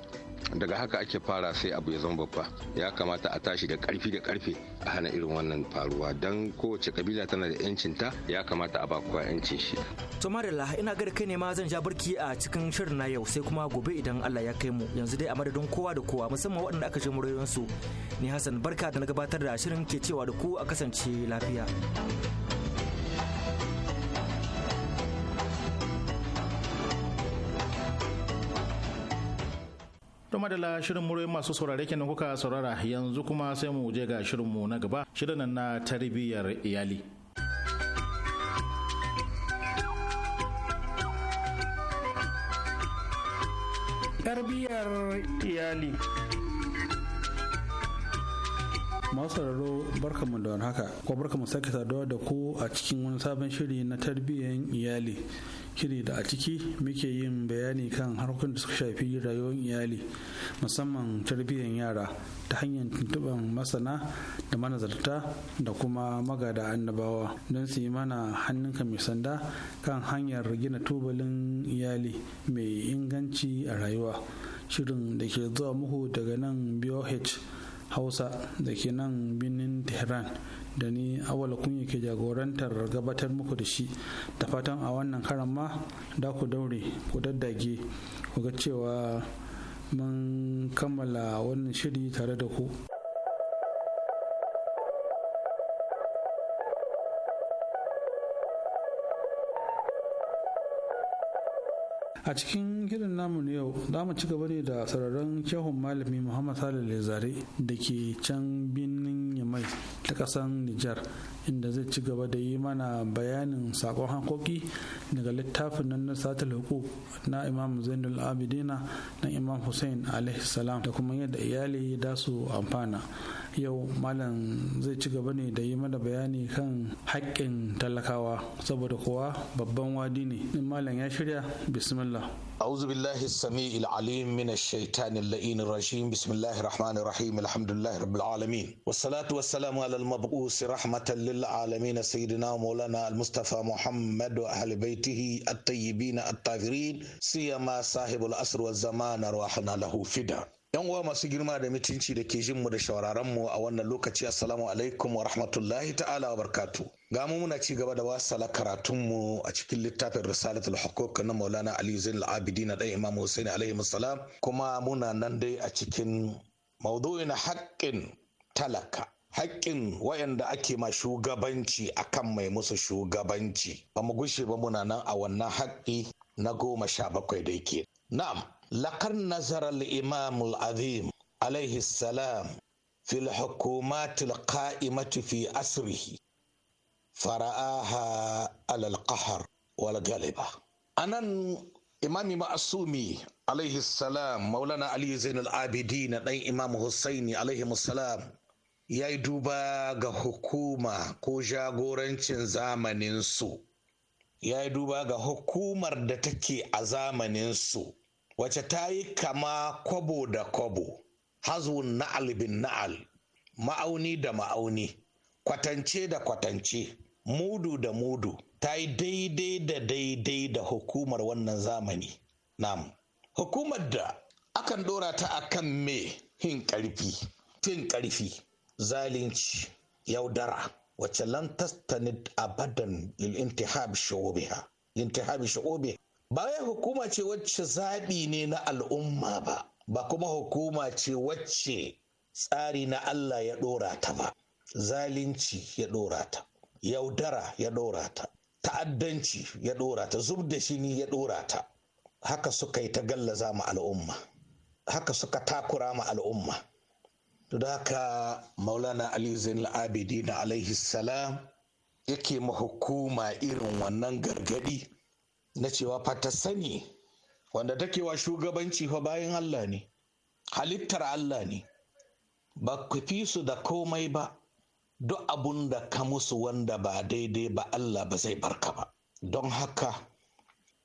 daga haka ake fara sai abu ya zama babba ya kamata a tashi da karfi da karfe a hana irin wannan faruwa don kowace kabila tana da yancin ta ya kamata a ba kowa yancin shi to marilla ina ga kai ne ma zan ja barki a cikin shirin na yau sai kuma gobe idan Allah ya kai mu yanzu dai a madadin kowa da kowa musamman waɗanda aka ji su ni Hassan barka da na gabatar da shirin ke cewa da ku a kasance lafiya To madala shirin muryoyin masu saurare kenan kuka saurara yanzu kuma sai mu je ga shirin mu na gaba shirin na tarbiyyar iyali. Tarbiyyar iyali. masu masararo barkamu da haka ko barkamu sake saduwa da ku a cikin wani sabon shiri na tarbiyyar iyali kiri da a ciki muke yin bayani kan harkokin da suka shafi rayuwar iyali musamman tarbiyyar yara ta hanyar tuntuɓar masana da manazarta da kuma magada annabawa don su yi mana hannunka mai sanda kan hanyar gina tubalin iyali mai inganci a rayuwa shirin da ke zuwa muku daga nan boh hausa da ke nan birnin tehran da ni awal kunyi ke jagorantar gabatar muku da shi da fatan a wannan karan ma da ku daure ku daddage ku ga cewa mun kammala wannan shiri tare da ku. a cikin girin namu na yau za mu ci gaba ne da sararin kyahun malami muhammad salih lezare da ke can birnin yamai ta kasan nijar inda zai ci gaba da yi mana bayanin sakon hankoki daga littafin nan na satar hukuk na imam zainul abidina na imam hussein salam da kuma yadda iyali da su amfana yau malam zai ci gaba ne da yi mana bayani kan haƙƙin talakawa saboda kowa babban wadi ne in malam ya shirya bismillah أعوذ بالله السميع العليم من الشيطان اللئين الرجيم بسم الله الرحمن الرحيم الحمد لله رب العالمين والصلاة والسلام على المبعوث رحمة للعالمين سيدنا مولانا المصطفى محمد وأهل بيته الطيبين الطاهرين سيما صاحب الأسر والزمان أرواحنا له فدا yan uwa masu girma da mutunci da ke jin da shawararen mu a wannan lokaci assalamu alaikum wa rahmatullahi ta'ala wa barkatu ga mu muna ci gaba da wasala karatun mu a cikin littafin risalatul hukuk na maulana ali zain al-abidin da imam husaini alaihi salam kuma muna nan dai a cikin maudu'in haƙƙin talaka haƙƙin wayanda ake ma shugabanci akan mai musu shugabanci ba mu gushe ba muna nan a wannan haƙƙi na goma sha bakwai da yake na'am لقد نظر الإمام العظيم عليه السلام في الحكومات القائمة في أسره فرآها على القهر والغلبة أنا إمام معصومي عليه السلام مولانا علي زين العابدين أي إمام Hussaini عليه السلام ya yi duba ga hukuma ko jagorancin zamaninsu ya yi duba ga hukumar da take a zamaninsu wace ta yi kama kwabo da kwabo hazun na'al bin na'al ma'auni da ma'auni kwatance da kwatance mudu da mudu ta yi daidai da daidai da hukumar wannan zamani nam hukumar da akan dora ta akan me hin karfi tun karfi zalunci yaudara wacce lan tastanid abadan lil intihab shu'ubiha intihab ba hukuma ce wacce zaɓi ne na al'umma ba ba kuma hukuma ce wacce tsari na Allah ya ɗora ta ba zalunci ya ɗora ta yaudara ya ɗora ta ta'addanci ya ɗora ta zub da shini ya ɗora ta haka suka yi ta gallaza ma al'umma haka suka takura ma al'umma to da haka maulana ali zainul abidin alaihi salam yake ma hukuma irin wannan gargadi na cewa fata sani wanda take wa shugabanci fa bayan Allah ne halittar Allah ne ba ku fi su da komai ba duk abun da ka musu wanda ba daidai ba Allah ba zai barka ba don haka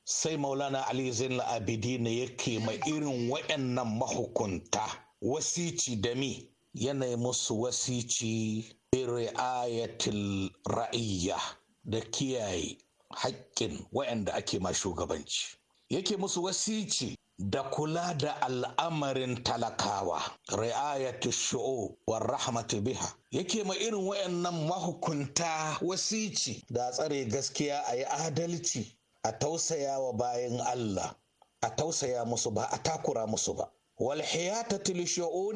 sai maulana ali zain abidi ne yake mai irin waɗannan mahukunta wasici da mi yanayi musu wasici bi ra'ayatil ra'iyya da kiyaye haƙƙin waɗanda ake ma shugabanci yake musu wasici da kula da al'amarin talakawa ri'ayatu shu'u wa rahmatu biha yake ma irin wayannan mahukunta wasici da tsare gaskiya a yi adalci a tausaya wa bayan Allah a tausaya musu ba a takura musu ba walhiyatatu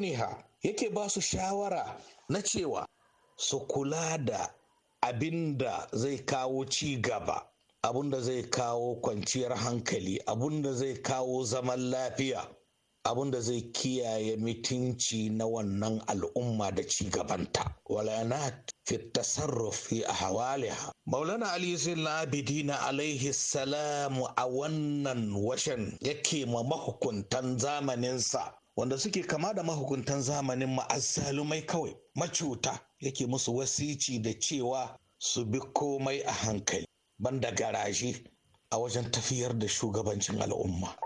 li ha yake ba su shawara na cewa su kula da abin da zai kawo ci gaba abin da zai kawo kwanciyar hankali abin da zai kawo zaman lafiya abin da zai kiyaye mutunci na wannan al'umma da ci gabanta walanat fi a fi ahwaliha maulana ali na alaihi salamu a wannan washen yake ma mahukuntan zamaninsa wanda suke kama da mahukuntan zamanin ma'azzalumai kawai macuta yake musu wasici da cewa su bi komai a hankali banda garaje a wajen tafiyar da shugabancin al'umma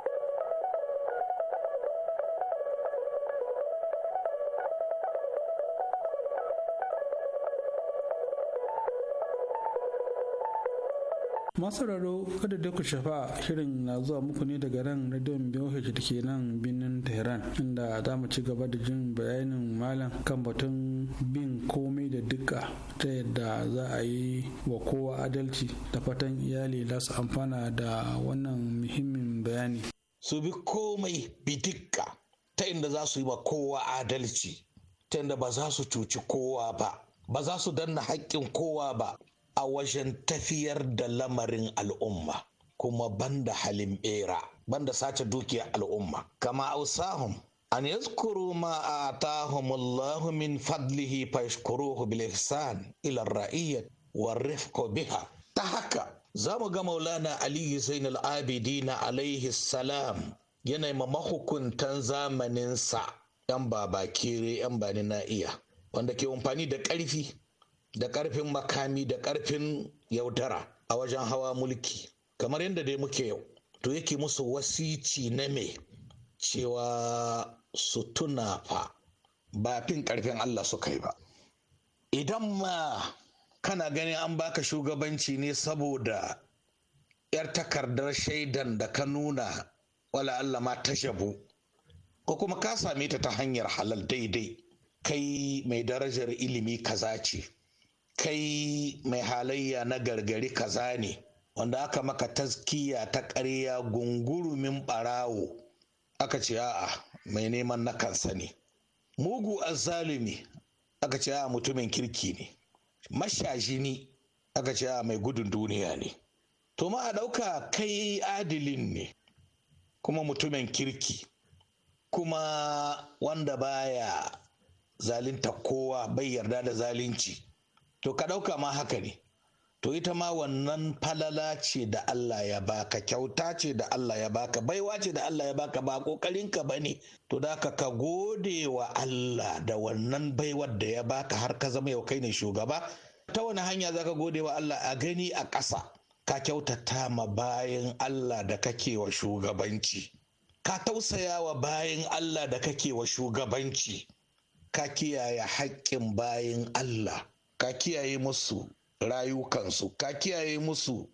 masauraro kada da ku shafa shirin na zuwa muku ne daga ran radion BOH da ke nan birnin Tehran inda za mu ci gaba da jin bayanin malam kan batun bin komai da duka ta yadda za a yi wa kowa adalci da fatan iyali za su amfana da wannan muhimmin bayani. Su bi komai bi duka ta inda za su yi wa kowa adalci ta inda ba za su cuci kowa ba. ba za su danna haƙƙin kowa ba a wajen tafiyar da lamarin al'umma kuma banda halin bera banda sace dukiyar al'umma kama ausahum an yazkuru ma atahum min fadlihi fashkuruhu bil ihsan ila ar wa rifqu biha ta haka za mu ga maulana aliyu zainul abidina alaihi salam yana ma mahukuntan zamaninsa yan baba kere yan bani na iya wanda ke amfani da ƙarfi da ƙarfin makami da ƙarfin yaudara a wajen hawa mulki kamar yadda dai muke yau to yake musu wasici na me cewa su tuna fa ba fin ƙarfin Allah su kai ba idan ma kana ganin an baka shugabanci ne saboda 'yar takardar shaidan da ka nuna wala Allah ma ta shabu ko kuma ka same ta ta hanyar halal daidai kai mai darajar ilimi kaza ce kai mai halayya na gargari kaza ne wanda aka maka taskiya ta ƙarya gungurumin ɓarawo aka ce a'a mai neman na kansa ne mugu azzalumi aka ce a'a mutumin kirki ne mashajini aka ce a'a mai gudun duniya ne to ma a ɗauka kai adilin ne kuma mutumin kirki kuma wanda baya zalinta kowa bai yarda da zalunci to ka ɗauka ma haka ne to ita ma wannan falala ce da Allah ya baka kyauta ce da Allah ya baka baiwa ce da Allah ya baka ba ƙoƙarinka ba ne to da ka ka gode wa Allah da wannan baiwar da ya baka har ka zama yau kai ne shugaba ta wani hanya za ka gode wa Allah a gani a ƙasa ka kyautata ma bayan Allah da kake wa shugabanci ka tausaya wa bayan Allah da kake wa shugabanci ka kiyaye haƙƙin bayan Allah ka kiyaye musu rayukansu ka kiyaye musu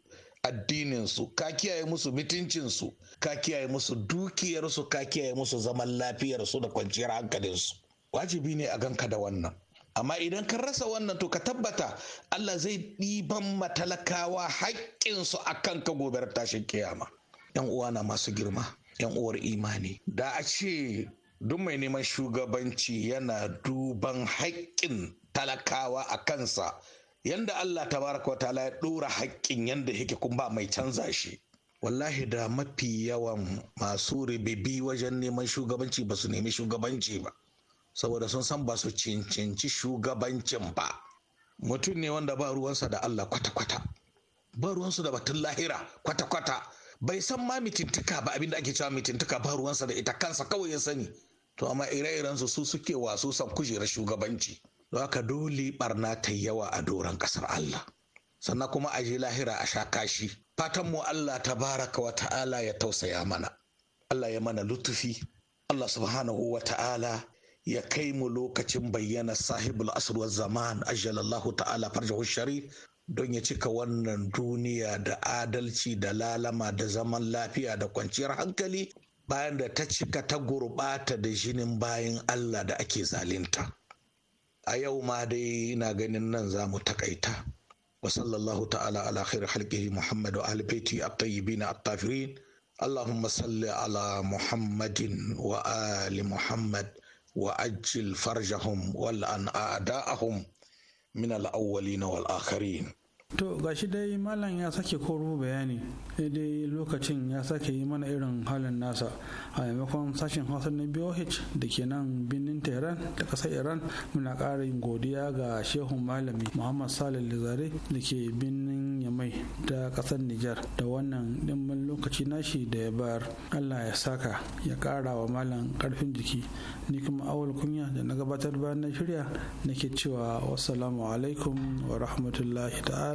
addininsu ka kiyaye musu mutuncinsu ka kiyaye musu dukiyarsu ka kiyaye musu zaman lafiyarsu da kwanciyar hankalinsu wajibi ne a ganka da wannan amma idan ka rasa wannan to ka tabbata Allah zai ɗiban matalakawa haƙƙinsu a kan ka gobe tashin kiyama yan na masu girma yan uwar imani da a ce duk mai neman shugabanci yana duban haƙƙin talakawa a kansa yanda Allah tabaraka wa ta'ala ya ɗora haƙƙin yanda yake kun ba mai canza shi wallahi da mafi yawan masu ribibi wajen neman shugabanci ba su nemi shugabanci ba saboda sun san ba su cincinci shugabancin ba mutum ne wanda ba ruwansa da Allah kwata-kwata ba ruwansu da batun lahira kwata-kwata bai san ma mitintuka ba abinda ake cewa mitintuka ba ruwansa da ita kansa kawai ya sani to amma ire-irensu su suke wasu san kujerar shugabanci don haka dole barna ta yawa a doron ƙasar Allah sannan kuma a je lahira a sha kashi fatan mu Allah baraka wa ta'ala ya tausaya mana Allah ya mana lutufi Allah subhanahu wa ta'ala ya kai mu lokacin bayyana sahibul asr zaman ajalallahu ta'ala farjahu shari don ya cika wannan duniya da adalci da lalama da zaman lafiya da kwanciyar hankali bayan da ta cika ta gurɓata da jinin bayan Allah da ake zalinta. a yau ma dai ina ganin nan za mu takaita wa sallallahu ta'ala ala khairi khalqihi muhammadu ahli baiti at-tayyibin at-tafirin allahumma salli ala muhammadin wa ali muhammad wa ajil farjahum wal an a'da'ahum min al-awwalin wal akhirin to gashi dai malam ya sake koru bayani sai dai lokacin ya sake yi mana irin halin nasa a maimakon sashen hausa na boh da ke nan birnin tehran da ƙasar iran muna ƙara godiya ga shehun malami muhammad salih lizare da ke birnin yamai ta kasar nijar da wannan ɗimbin lokaci nashi da ya bayar allah ya saka ya kara wa malam karfin jiki ni kuma awal kunya da na gabatar bayan na shirya nake cewa wassalamu alaikum wa rahmatullahi ta'ala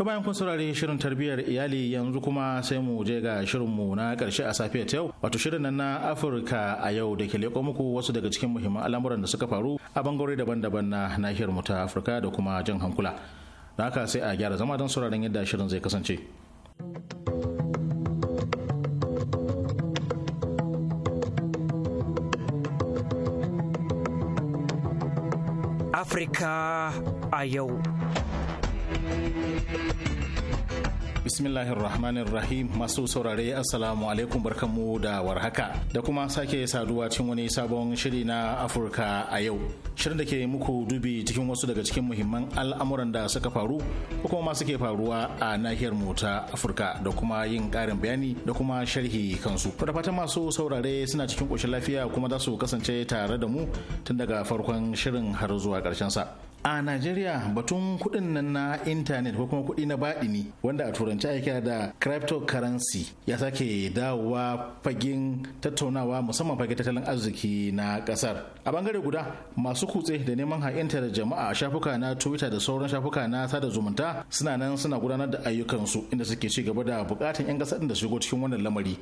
To bayan kun saurari shirin tarbiyyar iyali yanzu kuma sai mu je ga shirinmu na karshe a safiya ta yau wato shirin nan na Afirka a yau da ke leko muku wasu daga cikin muhimman al'amuran da suka faru a bangarori daban-daban na nahiyar mu ta Afirka da kuma jan hankula. Da haka sai a gyara zama don sauraron yadda shirin zai kasance. Afirka a yau. bismillahir rahmanir rahim masu saurare assalamu alaikum barkanmu da warhaka da kuma sake saduwa cikin wani sabon shiri na afirka a yau shirin da ke muku dubi cikin wasu daga cikin muhimman al'amuran da suka faru ko kuma masu ke faruwa a nahiyar mu ta afirka da kuma yin karin bayani da kuma sharhi kansu da fatan masu saurare suna cikin koshin lafiya kuma za su kasance tare da mu tun daga farkon shirin har zuwa karshen sa a najeriya batun kudin nan na intanet ko kuma kudi na ne, wanda a turanci ake kira da cryptocurrency ya sake dawowa fagen tattaunawa musamman fagen tattalin arziki na ƙasar a bangare guda masu kutse da neman da jama'a a shafuka na twitter da sauran shafuka na sada zumunta suna nan suna gudanar da ayyukansu inda suke ci gaba da bukatan 'yan ƙasar da shigo cikin wannan lamari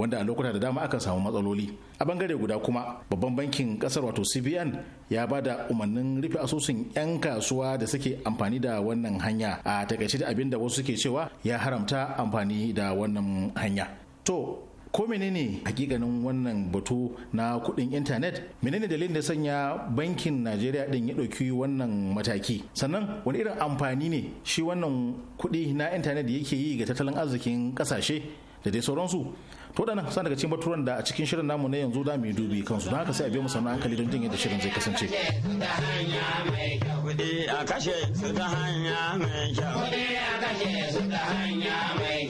wanda a lokuta da dama aka samu matsaloli a bangare guda kuma babban bankin kasar wato cbn ya ba da umarnin rufe asusun 'yan kasuwa da suke amfani da wannan hanya a takaice da abin da wasu suke cewa ya haramta amfani da wannan hanya to ko menene hakikanin wannan batu na kudin intanet menene dalilin da sanya bankin najeriya din ya ɗauki wannan mataki sannan wani irin amfani ne shi wannan kudi na intanet yake yi ga tattalin arzikin ƙasashe da dai sauransu to da nan sa daga cikin baturan da a cikin shirin namu na yanzu za mu yi dubi kansu don haka sai a biyo mu sannan hankali don jin yadda shirin zai kasance a kashe su hanya mai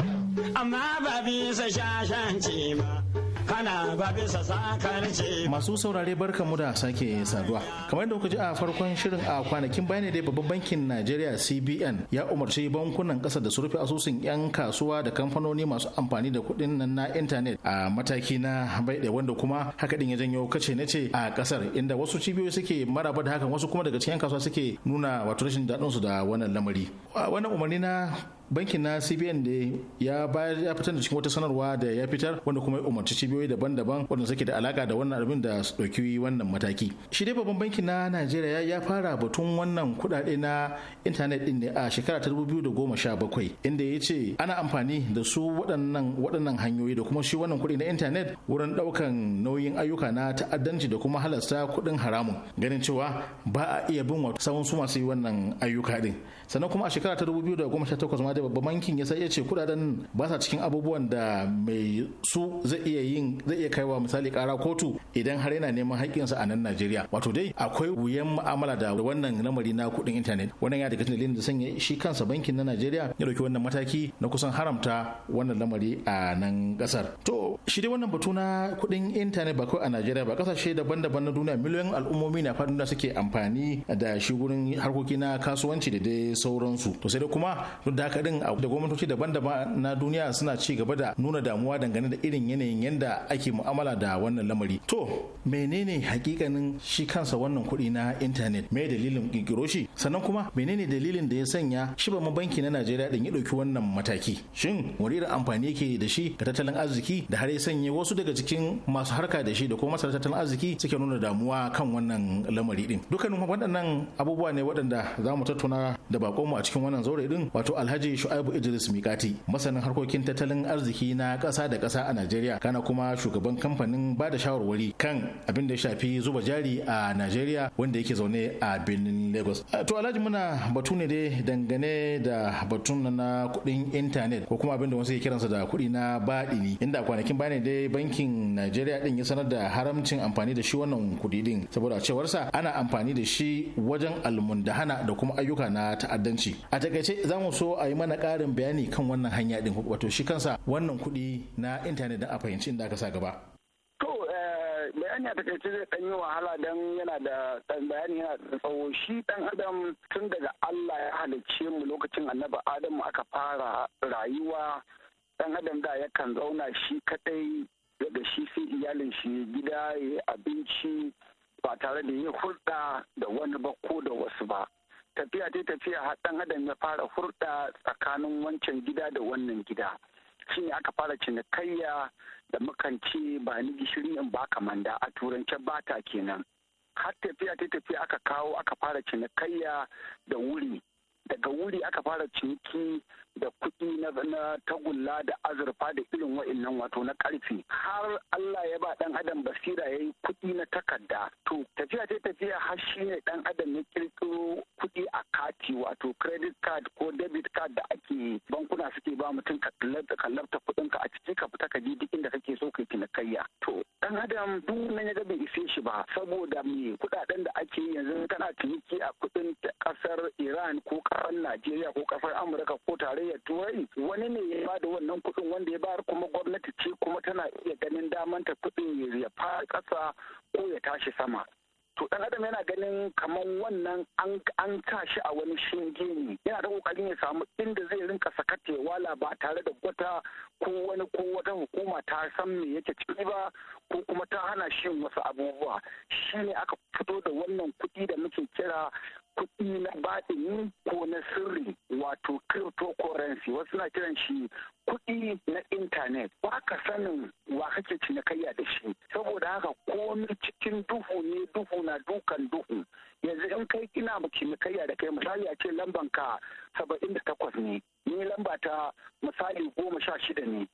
kyau amma ba bisa shashanci ba kana ba sa sakarci masu saurare barka mu da sake saduwa kamar da kuka ji a farkon shirin a kwanakin bayan dai babban bankin Najeriya CBN ya umarci bankunan kasa da su rufe asusun yan kasuwa da kamfanoni masu amfani da kuɗin nan na intanet a mataki na baiɗe wanda kuma haka din ya janyo kace na ce a kasar inda wasu cibiyoyi suke maraba da hakan wasu kuma daga cikin kasuwa suke nuna wato rashin su da wannan lamari wannan umarni na bankin na cbn da ya bayar ya fitar da cikin wata sanarwa da ya fitar wanda kuma ya umarci cibiyoyi daban-daban wanda suke da alaka da wannan abin da su ɗauki wannan mataki shi dai babban banki na najeriya ya fara batun wannan kudade na intanet ɗin ne a shekara ta 2017 inda ya ce ana amfani da su waɗannan waɗannan hanyoyi da kuma shi wannan kuɗi na intanet wurin ɗaukan nauyin ayyuka na ta'addanci da kuma halasta kuɗin haramun ganin cewa ba a iya bin wa sawun su masu yi wannan ayyuka din. sannan kuma a shekara ta 2018 ma da babban bankin ya sai ya ce kudaden ba sa cikin abubuwan da mai su zai iya yin zai iya kaiwa misali kara kotu idan har yana neman haƙƙinsa a nan Najeriya wato dai akwai wuyan mu'amala da wannan lamari na kuɗin intanet wannan ya daga cikin da sanya shi kansa bankin na Najeriya ya dauki wannan mataki na kusan haramta wannan lamari a nan kasar to shi dai wannan batu na kuɗin intanet ba kawai a Najeriya ba kasashe daban-daban na duniya miliyoyin al'ummomi na faɗin da suke amfani da shi gurin harkoki na kasuwanci da dai sauransu to sai dai kuma duk da haka din da gwamnatoci daban-daban na duniya suna ci gaba da nuna damuwa dangane da irin yanayin yadda ake mu'amala da wannan lamari to menene hakikanin shi kansa wannan kuɗi na intanet mai dalilin kirkiro shi sannan kuma menene dalilin da ya sanya shi banki na Najeriya din ya ɗauki wannan mataki shin wani irin amfani yake da shi ga tattalin arziki da har ya sanya wasu daga cikin masu harka da shi da kuma masana tattalin arziki suke nuna damuwa kan wannan lamari din dukkanin waɗannan abubuwa ne waɗanda za mu tattauna da bakonmu a cikin wannan zaure din wato Alhaji alhaji shu'aibu idris mikati masanin harkokin tattalin arziki na ƙasa da ƙasa a najeriya kana kuma shugaban kamfanin ba da shawarwari kan abin da ya shafi zuba jari a najeriya wanda yake zaune a birnin lagos to alhaji muna batu ne dai dangane da batun na kuɗin intanet ko kuma abin da wasu ke kiransa da kuɗi na baɗi ne inda kwanakin bayan dai bankin najeriya din ya sanar da haramcin amfani da shi wannan kuɗi din saboda cewarsa ana amfani da shi wajen almundahana da kuma ayyuka na ta'addanci a takaice za mu so a yi mana ƙarin bayani kan wannan hanya din wato shi kansa wannan kuɗi na intanet da a fahimci inda aka sa gaba bayani eh, a ce zai ɗan yi wahala don yana da bayani yana da tsawo shi ɗan adam tun daga Allah ya halicce mu lokacin annabi Adamu aka fara rayuwa ɗan adam da yakan zauna shi kadai daga shi sai iyalin shi gida ya abinci ba tare da ya hulɗa da wani ba ko da wasu ba tafiya ta tafiya haɗin adam ya fara hurɗa tsakanin wancan gida da wannan gida shi ne aka fara cinikayya da mukan ce ba ni gishiri in ba kamanda a turance bata kenan har tafiya ta tafiya aka kawo aka fara cinikayya da wuri daga wuri aka fara ciniki da kuɗi na tagulla da azurfa da irin nan wato na ƙarfi har Allah ya ba ɗan adam basira ya yi kuɗi na takarda to tafiya ce tafiya har shi ne ɗan adam ya ƙirƙiro kuɗi a kati wato credit card ko debit card da ake bankuna suke ba mutum ka kallarta kuɗinka a ciki ka fita ka je duk inda kake so kai cinikayya to ɗan adam duk na ya ga bai ise shi ba saboda me kuɗaɗen da ake yanzu kana ciniki a kuɗin ƙasar Iran ko ƙasar Najeriya ko ƙasar Amurka ko tare tarayyar turai wani ne ya ba da wannan kuɗin wanda ya bayar kuma gwamnati ce kuma tana iya ganin daman ta kuɗin ya fara ƙasa ko ya tashi sama to dan adam yana ganin kamar wannan an sa shi a wani shinge ne yana da kokarin ya samu inda zai rinka sakatewa wala ba tare da gwata ko wani ko wata hukuma ta san me yake ciki ba ko kuma ta hana shi wasu abubuwa shine aka fito da wannan kuɗi da muke kira kuɗi na batini ko na sirri wato cryptocurrency wasu na kiran shi kuɗi na intanet ba ka sanin wa kake cinikayya da shi saboda haka komi cikin duhu ne duhu na dukan duhu yanzu in kai ina ma cinikayya da kai misali a ce lamban ka saba'in da takwas ne ni lamba ta misali goma sha shida ne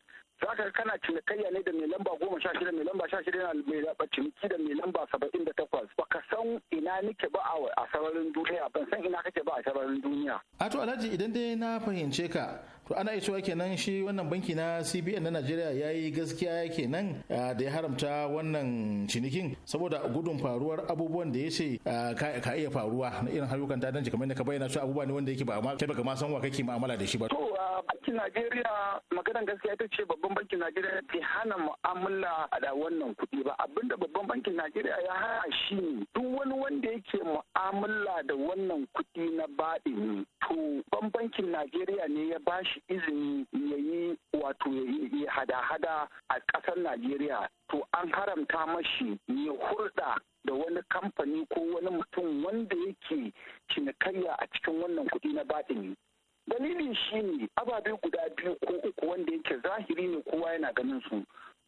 za ka kana cinikayya ne da mai lamba goma sha shida mai lamba sha shida yana mai ciniki da mai lamba saba'in da takwas baka san ina nike ba a sararin duniya ban san ina kake ba a sararin duniya. a to alhaji idan dai na fahimce ka to ana isowa kenan shi wannan banki na cbn na najeriya ya yi gaskiya kenan da ya haramta wannan cinikin saboda gudun faruwar abubuwan da ya ce ka iya faruwa na irin harkokan dadanci kamar da ka bayyana su abubuwa ne wanda yake ba kai baka ma san wa kake mu'amala da shi ba to bankin najeriya maganar gaskiya ita ce babban bankin najeriya bai hana mu'amala da wannan kuɗi ba abinda babban bankin najeriya ya hana shi duk wani wanda yake mu'amala da wannan kuɗi na baɗi to bankin najeriya ne ya bashi shi izini ya yi wato ya hada-hada a ƙasar Najeriya to an haramta mashi ya hurɗa da wani kamfani ko wani mutum wanda yake cinikayya a cikin wannan kuɗi na baɗini. Dalilin shi ne ababe guda biyu ko uku wanda yake zahiri ne kowa yana ganin su.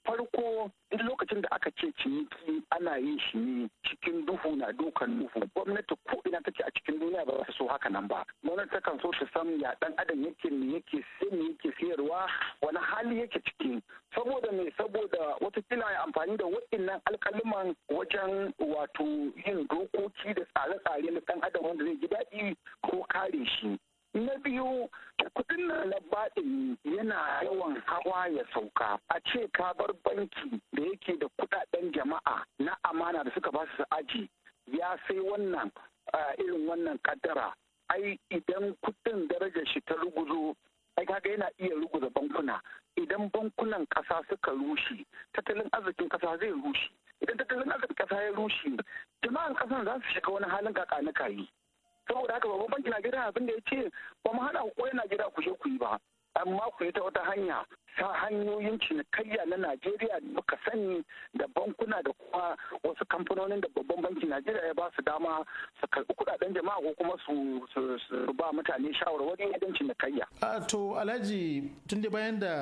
farko duk lokacin da aka ce ciniki ana yin shi ne cikin duhu na dukan duhu gwamnati ko ina take a cikin duniya ba ta so haka nan ba gwamnati ta kan so ta san ya dan adam yake me yake sai me yake sayarwa wani hali yake ciki saboda me saboda wata kila ya amfani da waɗannan alƙaluman wajen wato yin dokoki da tsare-tsare na dan adam wanda zai ji daɗi ko kare shi Na biyu, kudin labaɗin yana yawan hawa ya sauka. A ce ka bar banki da yake da kudaden jama'a na amana da suka ba su aji ya sai wannan irin wannan kaddara. Ai idan kudin darajar shi ta ruguzo, ai kaga yana iya ruguza bankuna. Idan bankunan ƙasa suka rushe, tattalin arzikin ƙasa zai rushe. Idan tattalin arzikin ƙasa ya rushe, jama'an ƙasan za su shiga wani halin kakanika yi. saboda haka babban bankin gida abin da ya ce ba mu hana na gida ku je ku yi ba amma ku yi ta wata hanya ta hanyoyin cinikayya na najeriya da muka sani da bankuna da kuma wasu kamfanonin da babban bankin najeriya ya ba su dama su karɓi kuɗaɗen jama'a ko kuma su ba mutane shawarwari idan cinikayya to alhaji tun da bayan da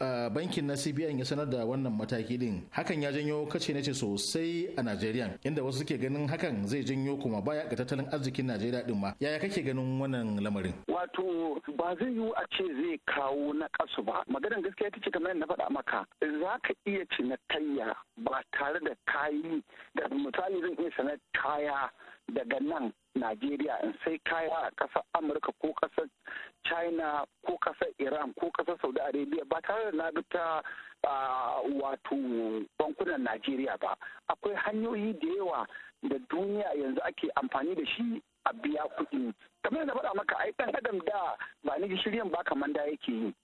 ah, bankin na cbn ya sanar da wannan mataki din hakan ya janyo kace na ce sosai a najeriya inda wasu suke ganin hakan zai janyo kuma baya ga tattalin arzikin najeriya din ma yaya kake ganin wannan lamarin wato ba zai yiwu a ce zai kawo na kasu ba maganar gaskiya ta ce kamar na faɗa maka za ka iya tayya ba tare da kayi da misali zan iya sanar kaya daga nan Najeriya in sai kaya a ƙasar Amurka ko ƙasar china ko kasar iran ko kasar saudi arabia ba tare da na wato bankunan najeriya ba akwai hanyoyi da yawa da duniya yanzu ake amfani da shi a biya kuɗi kamar da faɗa maka ai ɗan adam da ba ni shiryan ba kamar da yake yi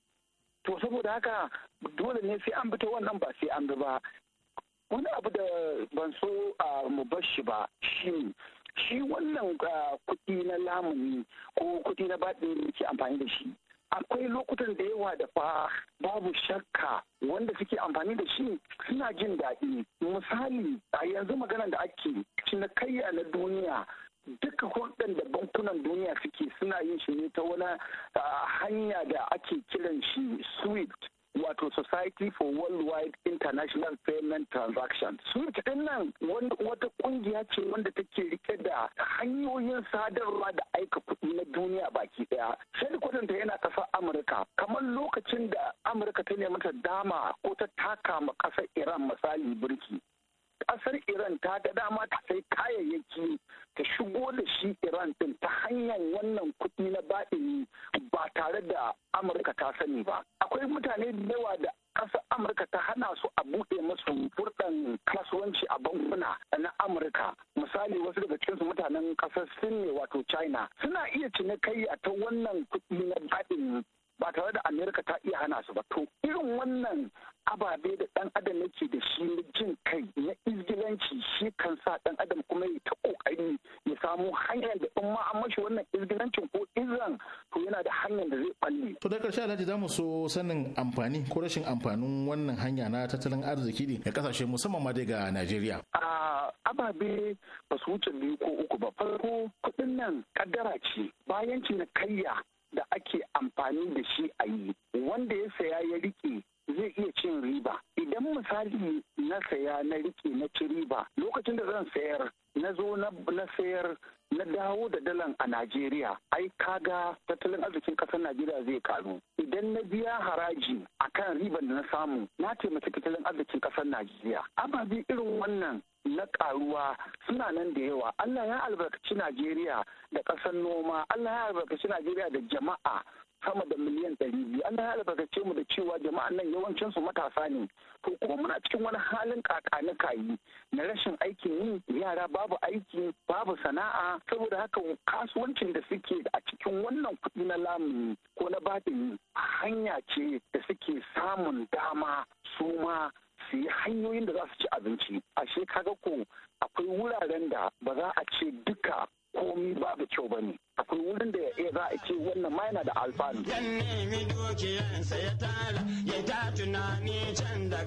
to saboda haka dole ne sai an bi ta wannan ba sai an bi ba wani abu da ban so mu bar shi ba shi shi wannan ah, kuɗi na lamuni ko kuɗi na baɗi da ke amfani da shi akwai lokutan da yawa da fa babu shakka wanda suke amfani da shi suna jin daɗi misali a yanzu maganar da ake cinikayya na duniya duka hulɗar da bankunan duniya suke suna yin shi ne ta wani ah, hanya da ake kiran shi swift wato Society for Worldwide International Payment Transactions. SWIFT ɗin nan wata ƙungiya ce wanda take rike da hanyoyin sadarwa da aika kuɗi na duniya baki ɗaya. Shedikwadon kwatanta yana ƙasar Amurka, kamar lokacin da Amurka ta nemi ta dama ko ta taka ma ƙasar Iran misali birki. Ƙasar Iran ta ga dama ta sai kayayyaki ta shigo da shi Iran ɗin ta hanyar wannan kuɗi na baɗini ba tare da amurka ta sani ba akwai mutane da yawa da ƙasar amurka ta hana su a buɗe musu furɗan kasuwanci a bankuna na amurka misali wasu daga cikinsu mutanen ƙasar sin ne wato china suna iya cinikayya ta wannan za mu so sanin amfani ko rashin amfanin wannan hanya na tattalin arziki ne ga kasashe musamman ma dai ga Najeriya. ne to kuma muna cikin wani halin kakani kayi na rashin aikin yi yara babu aiki babu sana'a saboda haka kasuwancin da suke a cikin wannan kuɗi na lamuni ko na batin hanya ce da suke samun dama su ma su yi hanyoyin da za su ci abinci a kaga ko akwai wuraren da ba za a ce duka komi babu kyau ba ne akwai wurin da za a ce wannan ma yana da alfanu.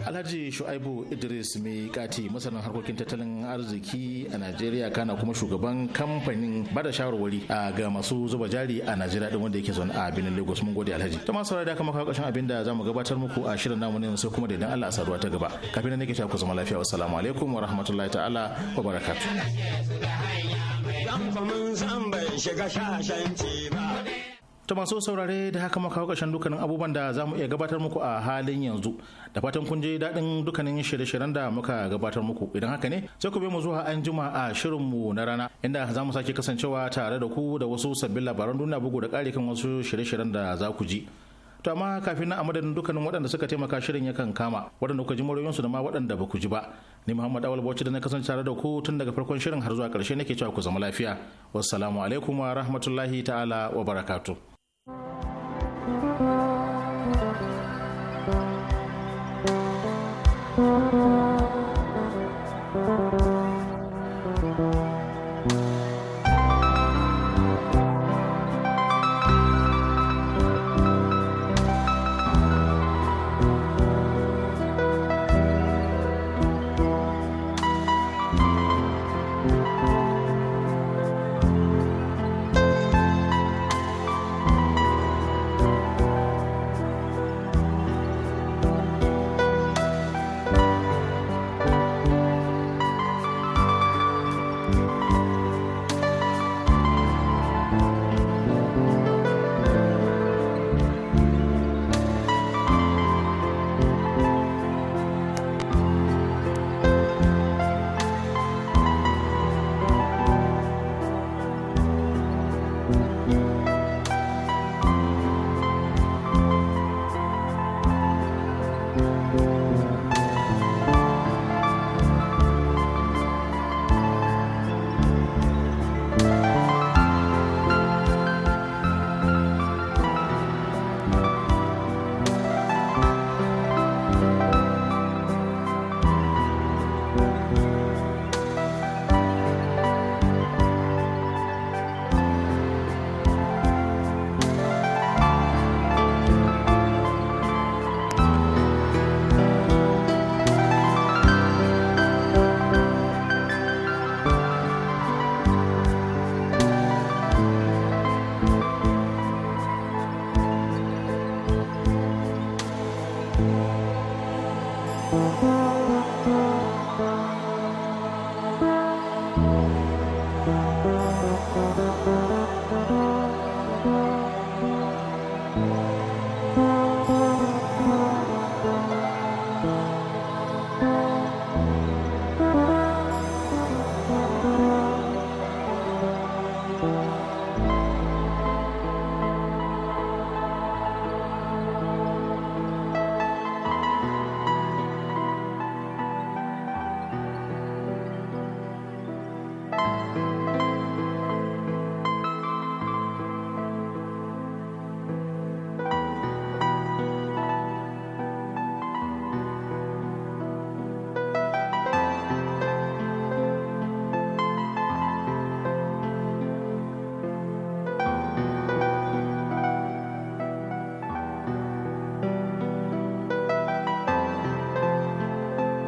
Alhaji Shu'aibu Idris mai kati masanin harkokin tattalin arziki a Najeriya kana kuma shugaban kamfanin bada shawarwari ga masu zuba jari a Najeriya din wanda yake zaune a Benin Lagos mun gode Alhaji. Ta masu da kama kawo kashin abin da za mu gabatar muku a shirin namu ne sai kuma da idan Allah a ta gaba. Kafin nan ke ta ku zama lafiya wassalamu alaikum wa rahmatullahi ta'ala wa barakatuh. shiga ba. To masu saurare da haka muka kawo ƙarshen dukkanin abubuwan da za mu iya gabatar muku a halin yanzu. Da fatan kun je daɗin dukkanin shirye-shiryen da muka gabatar muku. Idan haka ne sai ku bi mu zuwa an juma a mu na rana inda za mu sake kasancewa tare da ku da wasu sabbin labaran duniya bugu da ƙari kan wasu shirye-shiryen da za ku ji. to amma kafin na a madadin dukkanin waɗanda suka taimaka shirin yakan kama waɗanda kuka ji muryoyinsu da ma waɗanda ba ku ji ba ni muhammad awal bauchi da na kasance tare da ku tun daga farkon shirin har zuwa ƙarshe nake cewa ku zama lafiya wassalamu alaikum wa rahmatullahi ta'ala wa barakatuh